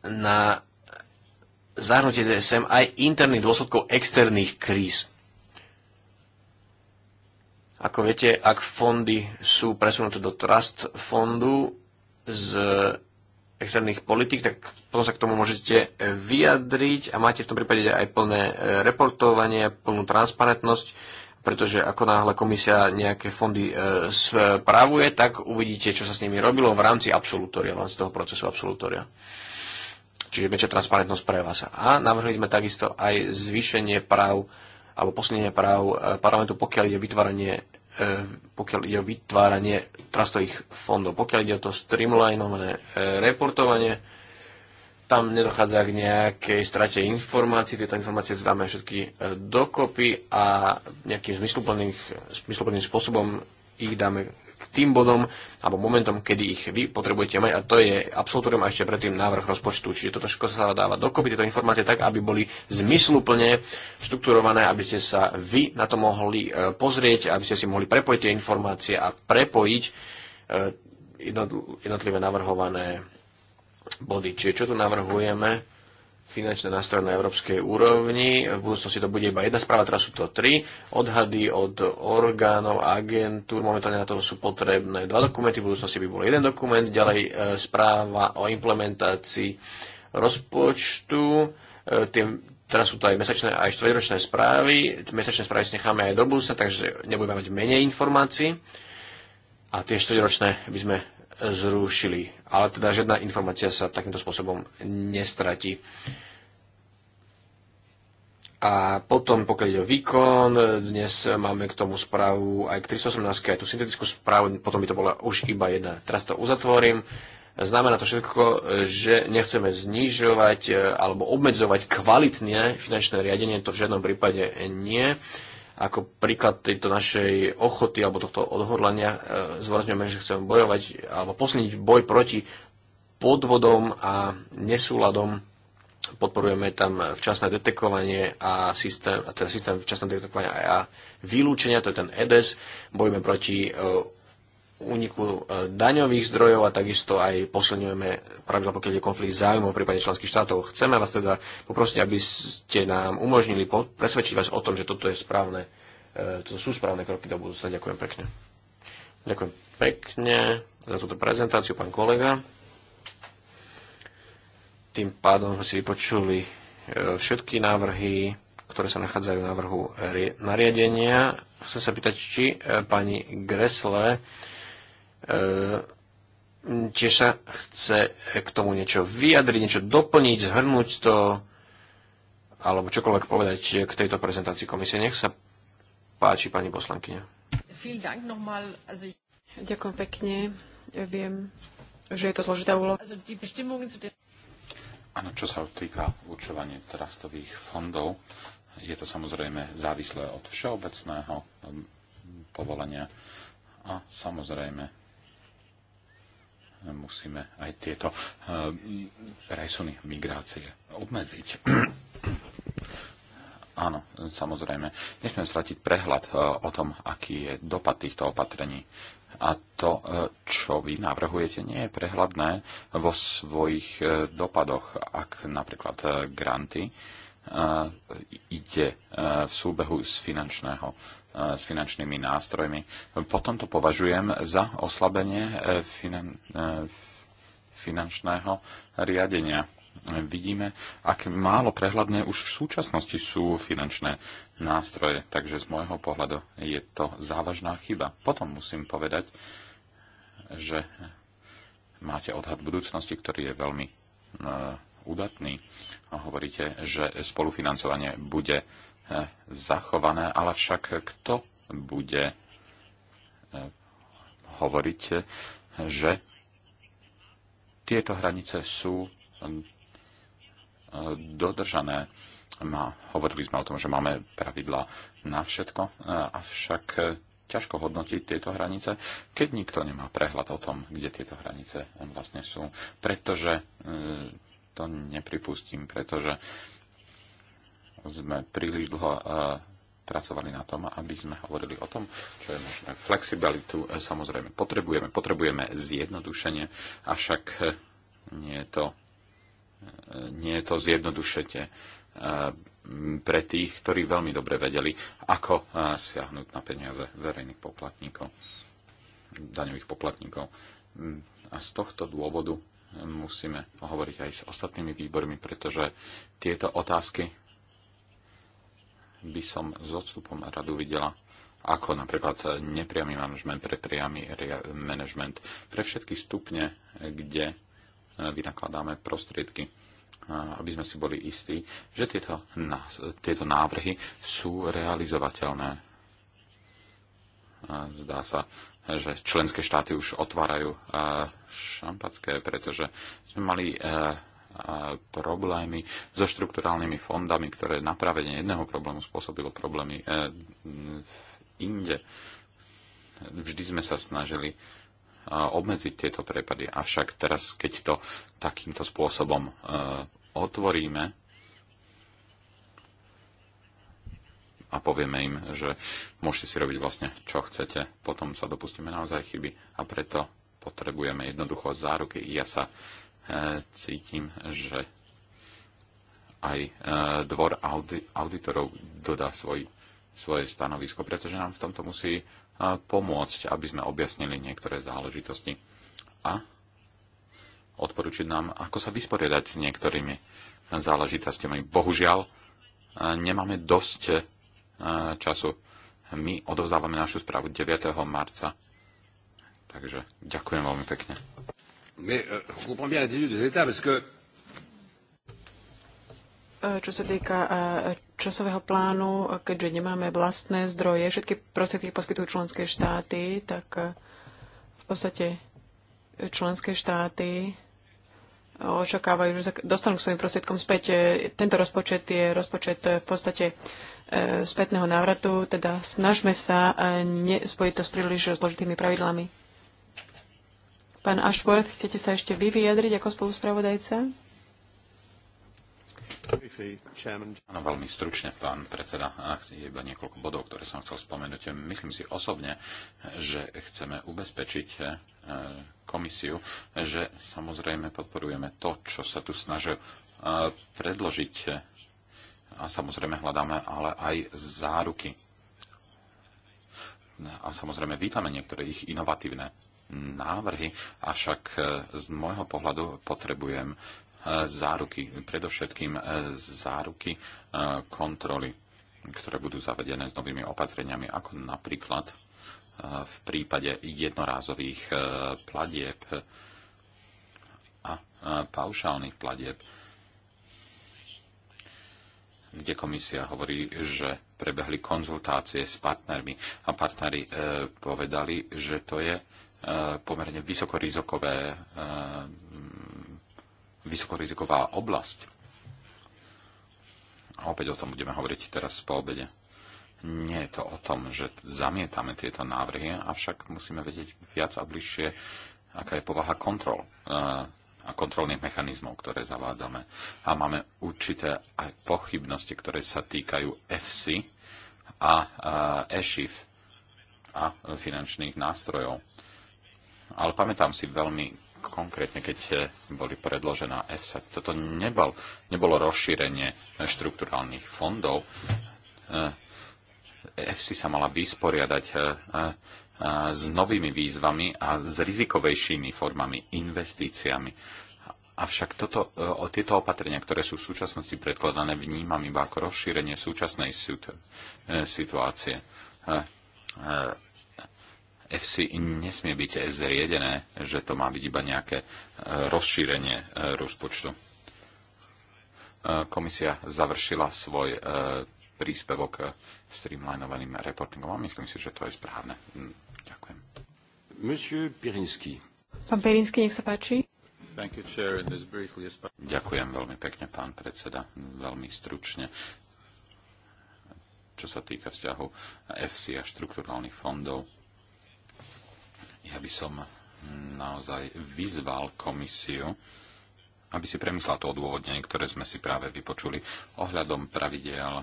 [SPEAKER 2] na zahrnutie sem aj interných dôsledkov externých kríz. Ako viete, ak fondy sú presunuté do trust fondu z externých politik, tak potom sa k tomu môžete vyjadriť a máte v tom prípade aj plné e, reportovanie, plnú transparentnosť, pretože ako náhle komisia nejaké fondy e, správuje, tak uvidíte, čo sa s nimi robilo v rámci absolutória, v rámci toho procesu absolutória. Čiže väčšia transparentnosť pre vás. A navrhli sme takisto aj zvýšenie práv alebo posilnenia práv eh, parlamentu, pokiaľ ide vytváranie pokiaľ ide o vytváranie eh, trastových fondov. Pokiaľ ide o to streamlinované eh, reportovanie, tam nedochádza k nejakej strate informácií, tieto informácie zdáme všetky dokopy a nejakým zmysluplným spôsobom ich dáme tým bodom alebo momentom, kedy ich vy potrebujete mať a to je absolutorium a ešte predtým návrh rozpočtu. Čiže toto všetko sa dáva dokopy, tieto informácie tak, aby boli zmysluplne štrukturované, aby ste sa vy na to mohli e, pozrieť, aby ste si mohli prepojiť tie informácie a prepojiť e, jednotlivé navrhované body. Čiže čo tu navrhujeme? finančné nástroje na európskej úrovni. V budúcnosti to bude iba jedna správa, teraz sú to tri. Odhady od orgánov, agentúr, momentálne na to sú potrebné dva dokumenty, v budúcnosti by bol jeden dokument, ďalej e, správa o implementácii rozpočtu, e, teraz sú to aj mesačné aj štvrťročné správy, mesačné správy si necháme aj do budúcna, takže nebudeme mať menej informácií a tie štvrťročné by sme zrušili. Ale teda žiadna informácia sa takýmto spôsobom nestratí. A potom, pokiaľ ide o výkon, dnes máme k tomu správu aj k 318, aj tú syntetickú správu, potom by to bola už iba jedna. Teraz to uzatvorím. Znamená to všetko, že nechceme znižovať eh, alebo obmedzovať kvalitné finančné riadenie, to v žiadnom prípade nie. Ako príklad tejto našej ochoty alebo tohto odhodlania e, zvorazňujeme, že chceme bojovať alebo posilniť boj proti podvodom a nesúladom podporujeme tam včasné detekovanie a systém, a teda systém včasného detekovania a vylúčenia, to je ten EDES, bojujeme proti e, úniku e, daňových zdrojov a takisto aj posilňujeme pravidla, pokiaľ je konflikt záujmov v prípade členských štátov. Chceme vás teda poprosiť, aby ste nám umožnili presvedčiť vás o tom, že toto je správne, e, to sú správne kroky do budúcna. Ďakujem pekne. Ďakujem pekne za túto prezentáciu, pán kolega. Tým pádom sme si vypočuli e, všetky návrhy, ktoré sa nachádzajú v návrhu nariadenia. Chcem sa pýtať, či pani Gresle E, tiež sa chce k tomu niečo vyjadriť, niečo doplniť, zhrnúť to, alebo čokoľvek povedať k tejto prezentácii komisie. Nech sa páči, pani poslankyňa.
[SPEAKER 3] Ďakujem pekne. Ja viem, že je to zložitá úloha.
[SPEAKER 1] Áno, čo sa týka určovania trastových fondov, je to samozrejme závislé od všeobecného mm, povolenia a samozrejme musíme aj tieto presuny eh, migrácie obmedziť. Áno, samozrejme. Nesmieme stratiť prehľad eh, o tom, aký je dopad týchto opatrení. A to, eh, čo vy navrhujete, nie je prehľadné vo svojich dopadoch, ak napríklad granty ide e, v súbehu s, finančného, e, s finančnými nástrojmi. Potom to považujem za oslabenie e, finan, finančného riadenia. Vidíme, ak málo prehľadné už v súčasnosti sú finančné nástroje, takže z môjho pohľadu je to závažná chyba. Potom musím povedať, že máte odhad budúcnosti, ktorý je veľmi a Hovoríte, že spolufinancovanie bude eh, zachované, ale však kto bude eh, hovoriť, že tieto hranice sú eh, dodržané. Ma, no, hovorili sme o tom, že máme pravidla na všetko, avšak ťažko hodnotiť tieto hranice, keď nikto nemá prehľad o tom, kde tieto hranice vlastne sú. Pretože to nepripustím, pretože sme príliš dlho e, pracovali na tom, aby sme hovorili o tom, čo je možné. Flexibilitu e, samozrejme potrebujeme, potrebujeme zjednodušenie, avšak e, nie je to, nie je to zjednodušenie pre tých, ktorí veľmi dobre vedeli, ako siahnuť na peniaze verejných poplatníkov, daňových poplatníkov. Mm, a z tohto dôvodu musíme hovoriť aj s ostatnými výbormi, pretože tieto otázky by som s odstupom radu videla ako napríklad nepriamy manažment pre priamy management pre všetky stupne, kde e, vynakladáme prostriedky e, aby sme si boli istí, že tieto, tieto návrhy sú realizovateľné. E, zdá sa, že členské štáty už otvárajú eh, šampacké, pretože sme mali eh, eh, problémy so štrukturálnymi fondami, ktoré napravenie jedného problému spôsobilo problémy inde. Vždy sme sa snažili obmedziť tieto prepady, avšak teraz, keď to takýmto spôsobom otvoríme, a povieme im, že môžete si robiť vlastne čo chcete, potom sa dopustíme naozaj chyby a preto potrebujeme jednoducho záruky. Ja sa e, cítim, že aj e, dvor audi- auditorov dodá svoj, svoje stanovisko, pretože nám v tomto musí e, pomôcť, aby sme objasnili niektoré záležitosti a odporučiť nám, ako sa vysporiadať s niektorými záležitostiami. Bohužiaľ, e, nemáme dosť času. My odovzdávame našu správu 9. marca. Takže ďakujem veľmi pekne. Euh,
[SPEAKER 3] e, čo sa týka e, časového plánu, keďže nemáme vlastné zdroje, všetky prostriedky poskytujú členské štáty, tak e, v podstate členské štáty očakávajú, že dostanú k svojim prostriedkom späť. Tento rozpočet je rozpočet v podstate E, spätného návratu, teda snažme sa e, nespojiť to s príliš zložitými pravidlami. Pán Ashworth, chcete sa ešte vy vyjadriť ako spoluspravodajca?
[SPEAKER 1] Áno, veľmi stručne, pán predseda. Iba niekoľko bodov, ktoré som chcel spomenúť. Myslím si osobne, že chceme ubezpečiť e, komisiu, že samozrejme podporujeme to, čo sa tu snažil predložiť a samozrejme hľadáme ale aj záruky. A samozrejme vítame niektoré ich inovatívne návrhy, avšak e, z môjho pohľadu potrebujem e, záruky, predovšetkým e, záruky kontroly, ktoré budú zavedené s novými opatreniami, ako napríklad v prípade jednorázových platieb a paušálnych platieb kde komisia hovorí, že prebehli konzultácie s partnermi a partneri e, povedali, že to je e, pomerne vysokorizikové, e, vysokoriziková oblasť. A opäť o tom budeme hovoriť teraz po obede. Nie je to o tom, že zamietame tieto návrhy, avšak musíme vedieť viac a bližšie, aká je povaha kontrol e, a kontrolných mechanizmov, ktoré zavádzame. A máme určité aj pochybnosti, ktoré sa týkajú FC a ESHIF a finančných nástrojov. Ale pamätám si veľmi konkrétne, keď eh, boli predložená EFSA. Toto nebol, nebolo rozšírenie štrukturálnych fondov. EFSI eh, sa mala vysporiadať eh, s novými výzvami a s rizikovejšími formami investíciami. Avšak toto, e, o tieto opatrenia, ktoré sú v súčasnosti predkladané, vnímam iba ako rozšírenie súčasnej e, situácie. E, FC nesmie byť zriedené, že to má byť iba nejaké rozšírenie rozpočtu. Komisia završila svoj príspevok streamlinovaným reportingom a myslím si, že to je správne. Pán
[SPEAKER 3] Pirinsky, nech sa páči.
[SPEAKER 1] Ďakujem veľmi pekne, pán predseda. Veľmi stručne čo sa týka vzťahu FC a štrukturálnych fondov. Ja by som naozaj vyzval komisiu, aby si premyslela to odôvodnenie, ktoré sme si práve vypočuli ohľadom pravidel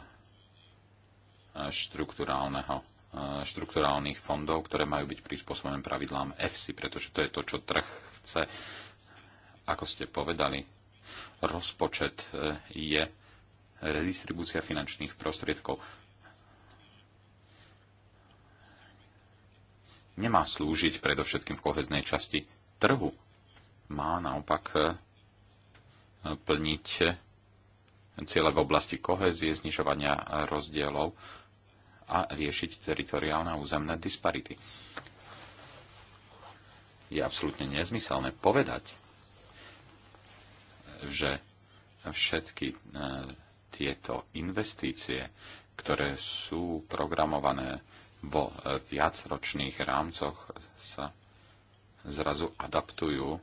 [SPEAKER 1] štrukturálneho. E, štrukturálnych fondov, ktoré majú byť prispôsobené pravidlám EFSI, pretože to je to, čo trh chce. Ako ste povedali, rozpočet e, je redistribúcia finančných prostriedkov. Nemá slúžiť predovšetkým v koheznej časti trhu. Má naopak e, plniť cieľe v oblasti kohezie, znižovania rozdielov a riešiť teritoriálne a územné disparity. Je absolútne nezmyselné povedať, že všetky e, tieto investície, ktoré sú programované vo e, viacročných rámcoch, sa zrazu adaptujú.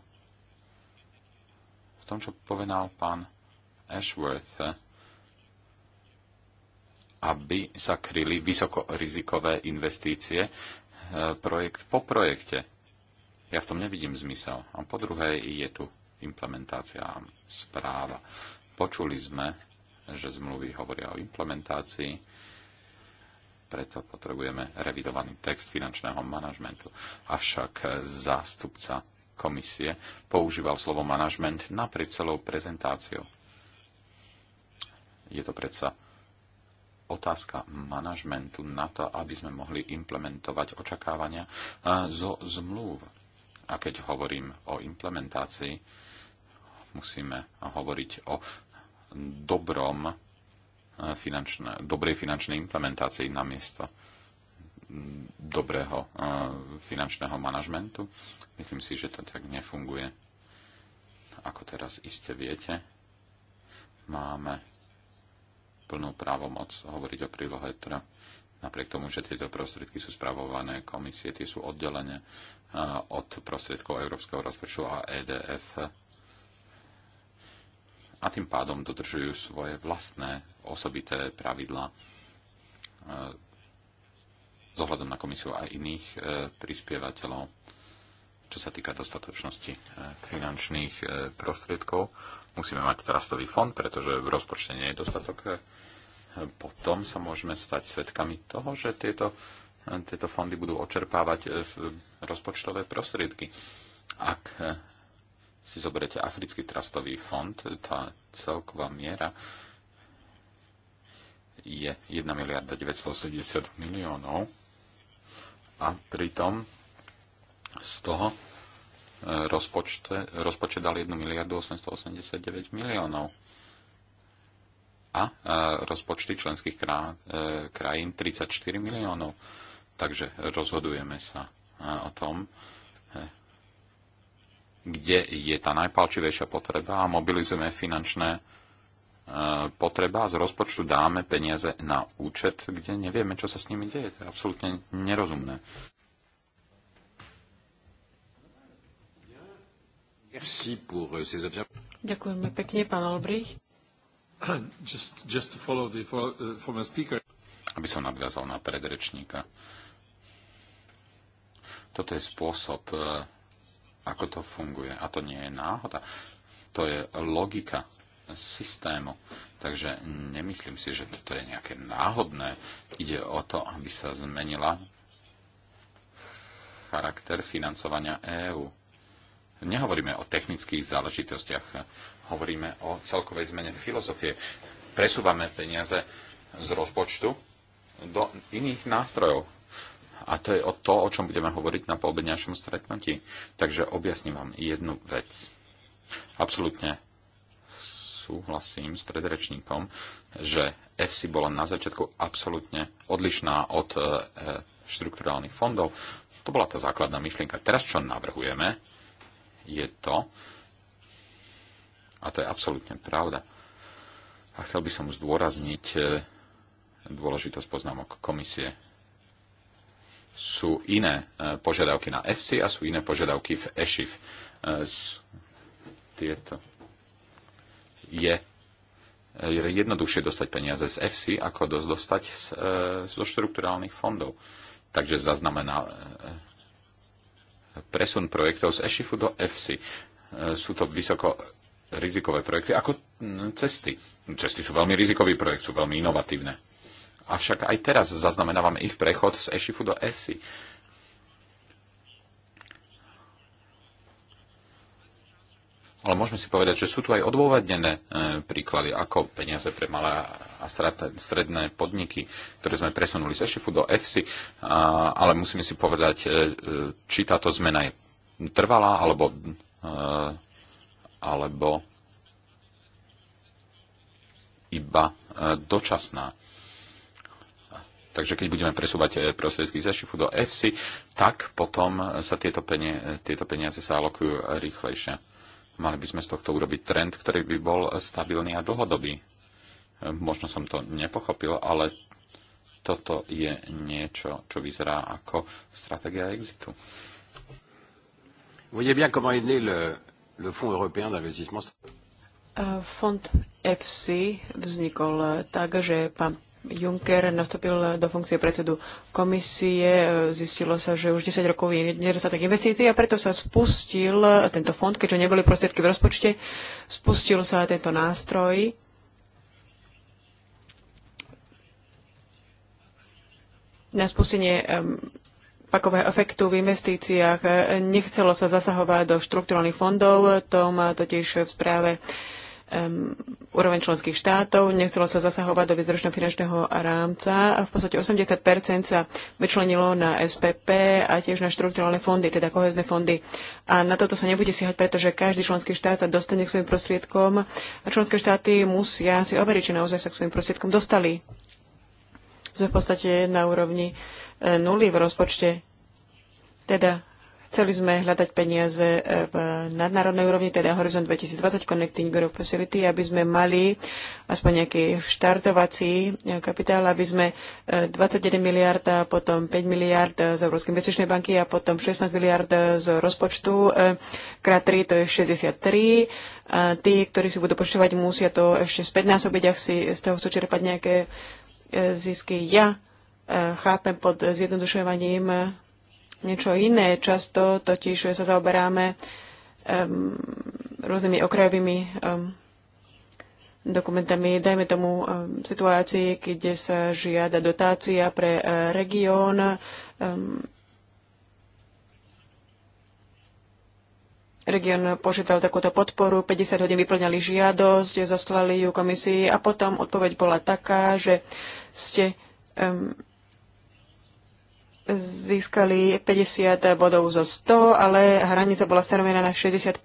[SPEAKER 1] V tom, čo povedal pán Ashworth, aby sa kryli vysokorizikové investície e, projekt po projekte. Ja v tom nevidím zmysel. A po druhé je tu implementácia a správa. Počuli sme, že zmluvy hovoria o implementácii, preto potrebujeme revidovaný text finančného manažmentu. Avšak zástupca komisie používal slovo manažment napriek celou prezentáciou. Je to predsa otázka manažmentu na to, aby sme mohli implementovať očakávania zo zmluv. A keď hovorím o implementácii, musíme hovoriť o dobrom e, finančné, dobrej finančnej implementácii namiesto dobrého e, finančného manažmentu. Myslím si, že to tak nefunguje. Ako teraz iste viete, máme plnú právomoc hovoriť o prílohe TRA. Napriek tomu, že tieto prostriedky sú spravované komisie, tie sú oddelené od prostriedkov Európskeho rozpočtu a EDF a tým pádom dodržujú svoje vlastné osobité pravidlá s ohľadom na komisiu a iných e, prispievateľov, čo sa týka dostatočnosti e, finančných e, prostriedkov. Musíme mať trastový fond, pretože v rozpočte nie je dostatok potom sa môžeme stať svedkami toho, že tieto, tieto fondy budú očerpávať rozpočtové prostriedky. Ak si zoberete Africký trastový fond, tá celková miera je 1 miliarda 980 miliónov a pritom z toho eh, rozpočte, rozpočet dal 1 miliardu 889 miliónov a e, rozpočty členských e, krajín 34 miliónov. Takže rozhodujeme sa e, o tom, kde je tá najpalčivejšia potreba a mobilizujeme finančné potreba a z rozpočtu dáme peniaze na účet, kde nevieme, čo sa s nimi deje. To je absolútne nerozumné. Euh,
[SPEAKER 3] Ďakujeme pekne, pán Olbricht.
[SPEAKER 1] Just, just follow the uh, former speaker. Aby som nadviazal na predrečníka. Toto je spôsob, uh, ako to funguje. A to nie je náhoda. To je logika systému. Takže nemyslím si, že toto je nejaké náhodné. Ide o to, aby sa zmenila charakter financovania EÚ nehovoríme o technických záležitostiach, hovoríme o celkovej zmene filozofie. Presúvame peniaze z rozpočtu do iných nástrojov. A to je o to, o čom budeme hovoriť na polbedňašom stretnutí. Takže objasním vám jednu vec. Absolutne súhlasím s predrečníkom, že FC bola na začiatku absolútne odlišná od e, e, štruktúrálnych fondov. To bola tá základná myšlienka. Teraz čo navrhujeme, je to, a to je absolútne pravda, a chcel by som zdôrazniť e, dôležitosť poznámok komisie, sú iné e, požiadavky na FC a sú iné požiadavky v ESHIF. E, tieto je jednoduchšie dostať peniaze z FC, ako dostať zo štrukturálnych fondov. Takže zaznamená, presun projektov z EŠIFu do EFSI. E, sú to vysoko rizikové projekty, ako cesty. Cesty sú veľmi rizikový projekt, sú veľmi inovatívne. Avšak aj teraz zaznamenávam ich prechod z EŠIFu do EFSI ale môžeme si povedať, že sú tu aj odôvodnené e, príklady, ako peniaze pre malé a stredné podniky, ktoré sme presunuli z EŠIFu do EFSI, ale musíme si povedať, e, e, či táto zmena je trvalá alebo, alebo iba dočasná. Takže keď budeme presúvať prostriedky z Ešifu do EFSI, tak potom sa tieto, penie, tieto peniaze sa alokujú rýchlejšie. Mali by sme z tohto urobiť trend, ktorý by bol stabilný a dlhodobý. Možno som to nepochopil, ale toto je niečo, čo vyzerá ako stratégia exitu. Vous voyez bien comment est né le, le Fonds européen d'investissement.
[SPEAKER 3] Fond FC vznikol tak, že pán Juncker nastúpil do funkcie predsedu komisie, zistilo sa, že už 10 rokov je nedostatok investícií a preto sa spustil tento fond, keďže neboli prostriedky v rozpočte, spustil sa tento nástroj. na spustenie pakového efektu v investíciách. Nechcelo sa zasahovať do štruktúrnych fondov, to má totiž v správe um, úroveň členských štátov, nechcelo sa zasahovať do výzročného finančného rámca. A v podstate 80 sa vyčlenilo na SPP a tiež na štrukturálne fondy, teda kohezné fondy. A na toto sa nebude siahať, pretože každý členský štát sa dostane k svojim prostriedkom a členské štáty musia si overiť, či naozaj sa k svojim prostriedkom dostali. Sme v podstate na úrovni e, nuly v rozpočte. Teda Chceli sme hľadať peniaze e, v nadnárodnej úrovni, teda Horizon 2020 Connecting Europe Facility, aby sme mali aspoň nejaký štartovací e, kapitál, aby sme 21 e, miliard a potom 5 miliard z Európskej investičnej banky a potom 16 miliard z rozpočtu krát 3 to je 63. A tí, ktorí si budú počtovať, musia to ešte späť násobiť, ak si z toho chcú čerpať nejaké zisky. Ja chápem pod zjednodušovaním niečo iné. Často totiž sa zaoberáme um, rôznymi okrajovými um, dokumentami. Dajme tomu um, situácii, kde sa žiada dotácia pre uh, región. Um, Región požiadal takúto podporu, 50 hodín vyplňali žiadosť, zaslali ju komisii a potom odpoveď bola taká, že ste um, získali 50 bodov zo 100, ale hranica bola stanovená na 65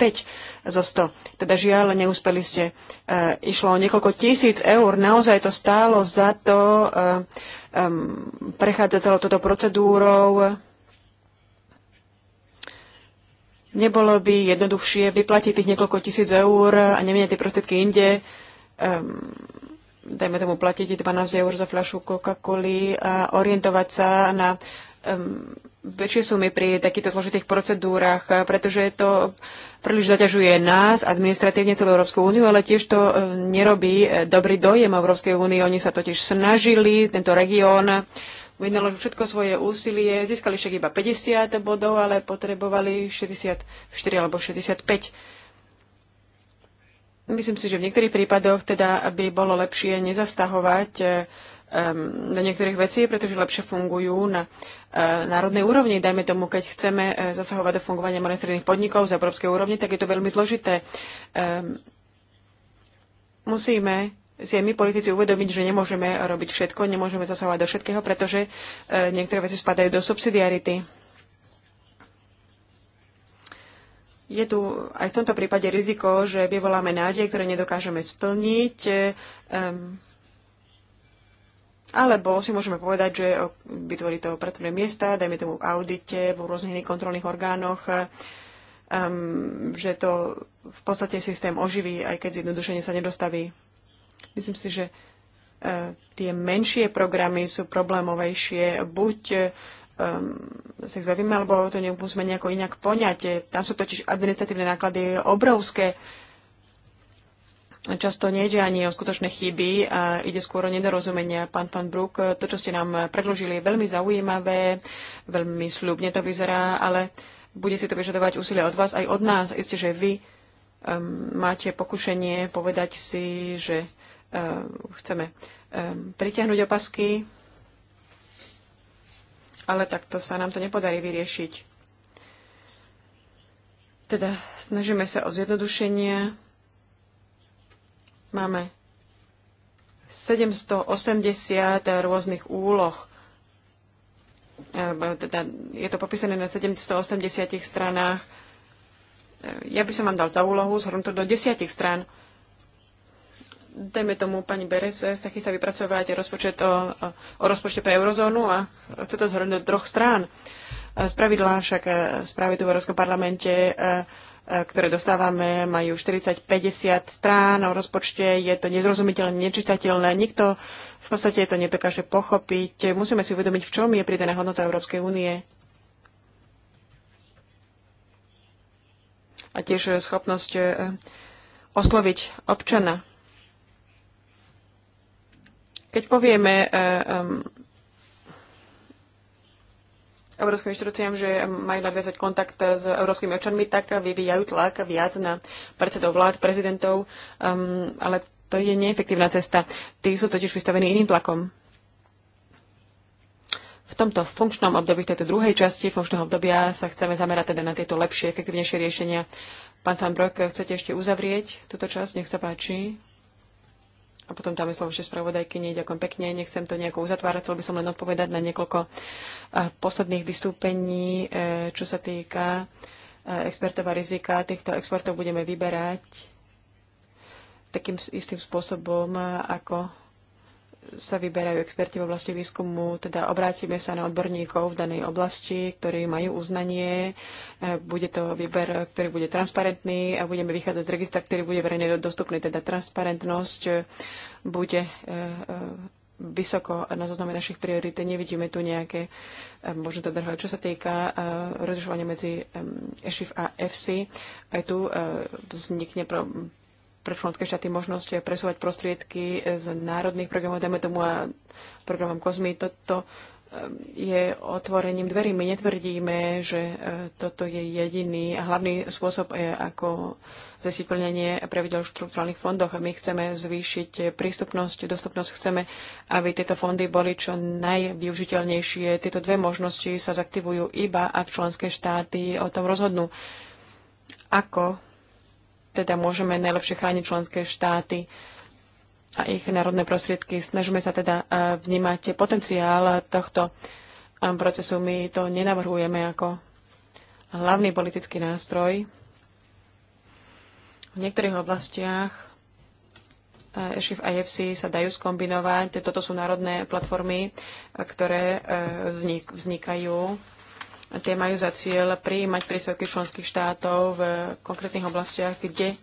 [SPEAKER 3] zo 100. Teda žiaľ, neúspeli ste. E, išlo o niekoľko tisíc eur, naozaj to stálo za to e, e, prechádzať celou toto procedúrou. Nebolo by jednoduchšie vyplatiť tých niekoľko tisíc eur a nemieňať tie prostriedky inde. E, dajme tomu platiť 12 eur za fľašu coca coli a orientovať sa na väčšie sumy pri takýchto zložitých procedúrach, eh, pretože to príliš zaťažuje nás, administratívne celú Európsku úniu, ale tiež to eh, nerobí eh, dobrý dojem Európskej únie. Oni sa totiž snažili, tento región vynaložil všetko svoje úsilie, získali však iba 50 bodov, ale potrebovali 64 alebo 65. Myslím si, že v niektorých prípadoch teda by bolo lepšie nezastahovať do niektorých vecí, pretože lepšie fungujú na e, národnej úrovni. Dajme tomu, keď chceme e, zasahovať do fungovania malých stredných podnikov z európskej úrovni, tak je to veľmi zložité. Musíme si aj my politici uvedomiť, že nemôžeme robiť všetko, nemôžeme zasahovať do všetkého, pretože e, niektoré veci spadajú do subsidiarity. Je tu aj v tomto prípade riziko, že vyvoláme nádej, ktoré nedokážeme splniť. Um, alebo si môžeme povedať, že vytvorí to pracovné miesta, dajme tomu v audite, v rôznych kontrolných orgánoch, um, že to v podstate systém oživí, aj keď zjednodušenie sa nedostaví. Myslím si, že uh, tie menšie programy sú problémovejšie. Buď um, sa zbavíme, alebo to nemusíme nejako inak poňať. Tam sú totiž administratívne náklady obrovské. Uh, Často nejde ani o skutočné chyby, a ide skôr o nedorozumenia. Pán Van Broek, to, čo ste nám predložili, je veľmi zaujímavé, veľmi slubne to vyzerá, ale bude si to vyžadovať úsilie od vás aj od nás. Isté, že vy um, máte pokušenie povedať si, že um, chceme um, pritiahnuť opasky, ale takto sa nám to nepodarí vyriešiť. Teda snažíme sa o zjednodušenie Máme 780 rôznych úloh. Teda je to popísané na 780 stranách. Ja by som vám dal za úlohu zhrnúť to do desiatich strán. Dajme tomu, pani Beres eh, sa chystá vypracovať rozpočet o, o rozpočte pre eurozónu a chce to zhrnúť do troch strán. Spravidlá eh, však správy eh, tu v Európskom parlamente uh, E, ktoré dostávame, majú 40-50 strán o rozpočte, je to nezrozumiteľné, nečitateľné, nikto v podstate to nedokáže pochopiť. Musíme si uvedomiť, v čom je pridaná hodnota Európskej únie. A tiež schopnosť e, osloviť občana. Keď povieme e, európskym inštitúciám, že majú nadviazať kontakt s európskymi občanmi, tak vyvíjajú tlak viac na predsedov vlád, prezidentov, um, ale to je neefektívna cesta. Tí sú totiž vystavení iným tlakom. V tomto funkčnom období, v tejto druhej časti funkčného obdobia sa chceme zamerať teda na tieto lepšie, efektívnejšie riešenia. Pán Fan Brok, chcete ešte uzavrieť túto časť? Nech sa páči. A potom tam je slovo ešte spravodajkyne. Ďakujem pekne. Nechcem to nejako uzatvárať. Chcel by som len odpovedať na niekoľko eh, posledných vystúpení, eh, čo sa týka eh, expertov a rizika. Týchto expertov budeme vyberať takým istým spôsobom, ako sa vyberajú experti v oblasti výskumu, teda obrátime sa na odborníkov v danej oblasti, ktorí majú uznanie, e, bude to výber, ktorý bude transparentný a budeme vychádzať z registra, ktorý bude verejne dostupný, teda transparentnosť e, bude e, vysoko na zozname našich priorít. Nevidíme tu nejaké možno to drhle. Čo sa týka rozlišovania medzi ESHIF a FC, aj tu vznikne pre členské štáty možnosť presúvať prostriedky z národných programov, dajme tomu a programom COSMI. Toto eh, je otvorením dverí. My netvrdíme, že eh, toto je jediný a hlavný spôsob, eh, ako zasiť plnenie pravidel v štruktúrnych fondoch. My chceme zvýšiť prístupnosť, dostupnosť, chceme, aby tieto fondy boli čo najvyužiteľnejšie. Tieto dve možnosti sa zaktivujú iba, ak členské štáty o tom rozhodnú. Ako teda môžeme najlepšie chrániť členské štáty a ich národné prostriedky. Snažíme sa teda eh, vnímať potenciál tohto eh, procesu. My to nenavrhujeme ako hlavný politický nástroj. V niektorých oblastiach eh, ešte v IFC sa dajú skombinovať. Toto sú národné platformy, ktoré vznikajú Tie majú za cieľ prijímať príspevky členských štátov v konkrétnych oblastiach, kde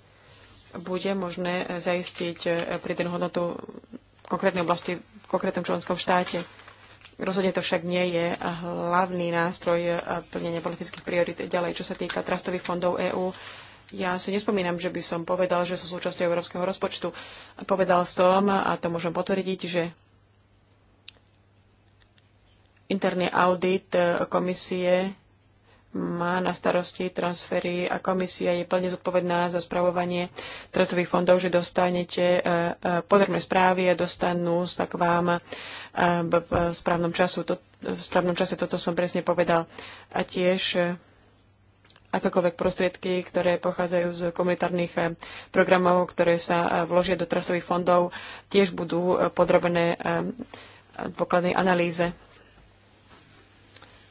[SPEAKER 3] bude možné zaistiť e, pridanú hodnotu konkrétnej oblasti v konkrétnom členskom štáte. Rozhodne to však nie je hlavný nástroj e, plnenia politických priorit ďalej, čo sa týka trastových fondov EÚ. Ja si nespomínam, že by som povedal, že sú súčasťou európskeho rozpočtu. Povedal som, a to môžem potvrdiť, že Interný audit e, komisie má na starosti transfery a komisia je plne zodpovedná za spravovanie trestových fondov, že dostanete e, e, podrobné správy a dostanú sa k vám v správnom, času. To, v správnom čase. Toto som presne povedal. A tiež akékoľvek prostriedky, ktoré pochádzajú z komunitárnych programov, ktoré sa vložia do trastových fondov, tiež budú podrobené pokladnej analýze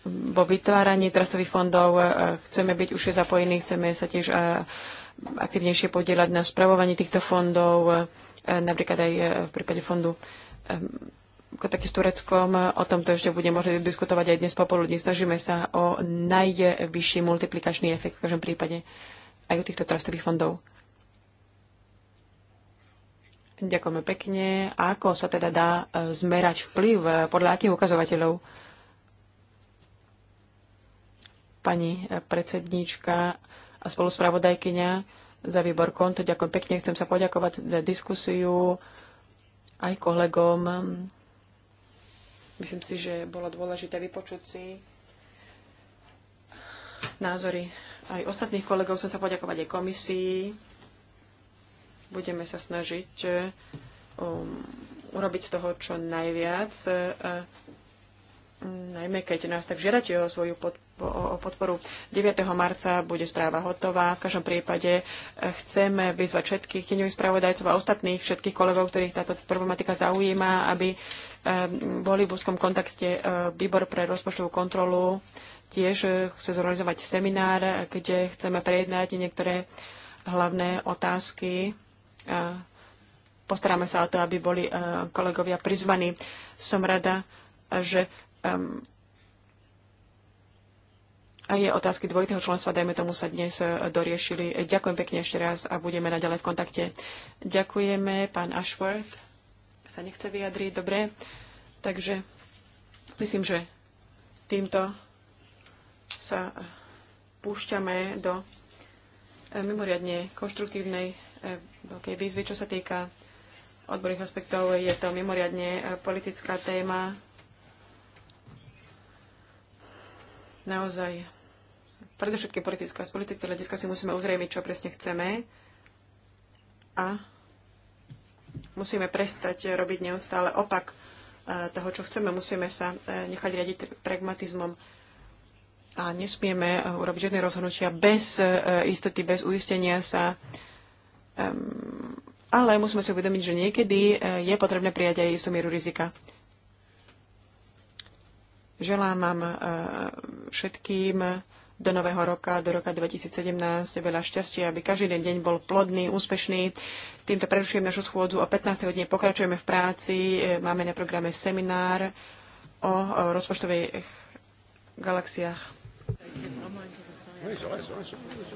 [SPEAKER 3] vo vytváraní trastových fondov. E, chceme byť už zapojení, chceme sa tiež e, aktivnejšie podielať na spravovaní týchto fondov, e, napríklad aj v prípade fondu Kotaky s Tureckom. O tomto ešte budeme mohli diskutovať aj dnes popoludní. Snažíme sa o najvyšší multiplikačný efekt v každom prípade aj u týchto trastových fondov. Ďakujeme pekne. A ako sa teda dá zmerať vplyv? Podľa akých ukazovateľov? pani predsedníčka a spoluspravodajkyňa za výbor konto. Ďakujem pekne, chcem sa poďakovať za diskusiu aj kolegom. Myslím si, že bolo dôležité vypočuť si názory aj ostatných kolegov. Chcem sa poďakovať aj komisii. Budeme sa snažiť um, urobiť z toho čo najviac, uh, najmä keď nás tak žiadate o svoju podporu o podporu. 9. marca bude správa hotová. V každom prípade e, chceme vyzvať všetkých tieňových spravodajcov a ostatných všetkých kolegov, ktorých táto problematika zaujíma, aby e, boli v úzkom kontakte e, výbor pre rozpočtovú kontrolu. Tiež chce zorganizovať seminár, kde chceme prejednať niektoré hlavné otázky postaráme sa o to, aby boli kolegovia prizvaní. Som rada, že a je otázky dvojitého členstva, dajme tomu, sa dnes e, doriešili. E, ďakujem pekne ešte raz a budeme naďalej v kontakte. Ďakujeme, pán Ashworth sa nechce vyjadriť, dobre. Takže myslím, že týmto sa púšťame do e, mimoriadne konštruktívnej veľkej výzvy, čo sa týka odborných aspektov. Je to mimoriadne politická téma, Naozaj, predovšetkým politická, z politického hľadiska si musíme uzrejmiť, čo presne chceme a musíme prestať robiť neustále opak eh, toho, čo chceme. Musíme sa eh, nechať riadiť pragmatizmom a nesmieme eh, urobiť žiadne rozhodnutia bez istoty, bez uistenia sa ehm, ale musíme si uvedomiť, že niekedy je potrebné prijať aj istú mieru rizika. Želám vám e, všetkým do nového roka, do roka 2017 veľa šťastia, aby každý den deň bol plodný, úspešný. Týmto prerušujem našu schôdzu. O 15. hodine pokračujeme v práci. E, máme na programe seminár o rozpočtových galaxiách.